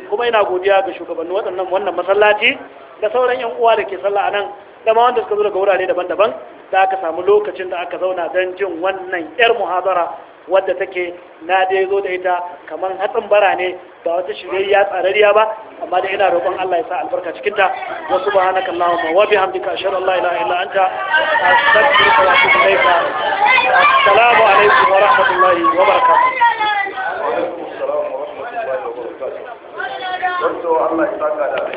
kuma ina godiya ga shugabannin waɗannan wannan masallaci da sauran yan uwa da ke sallah a nan da wanda suka zo daga wurare daban-daban da aka samu lokacin da aka zauna don jin wannan yar muhazara wadda take na dai zo da ita kamar hatsin bara ne ba wata shirya tsarariya ba amma da ina roƙon Allah ya sa albarka cikin ta wa subhanaka allahumma wa bihamdika ashhadu an la ilaha illa anta astaghfiruka wa atubu ilayka assalamu alaikum wa rahmatullahi wa barakatuh wa alaikum assalam wa rahmatullahi wa barakatuh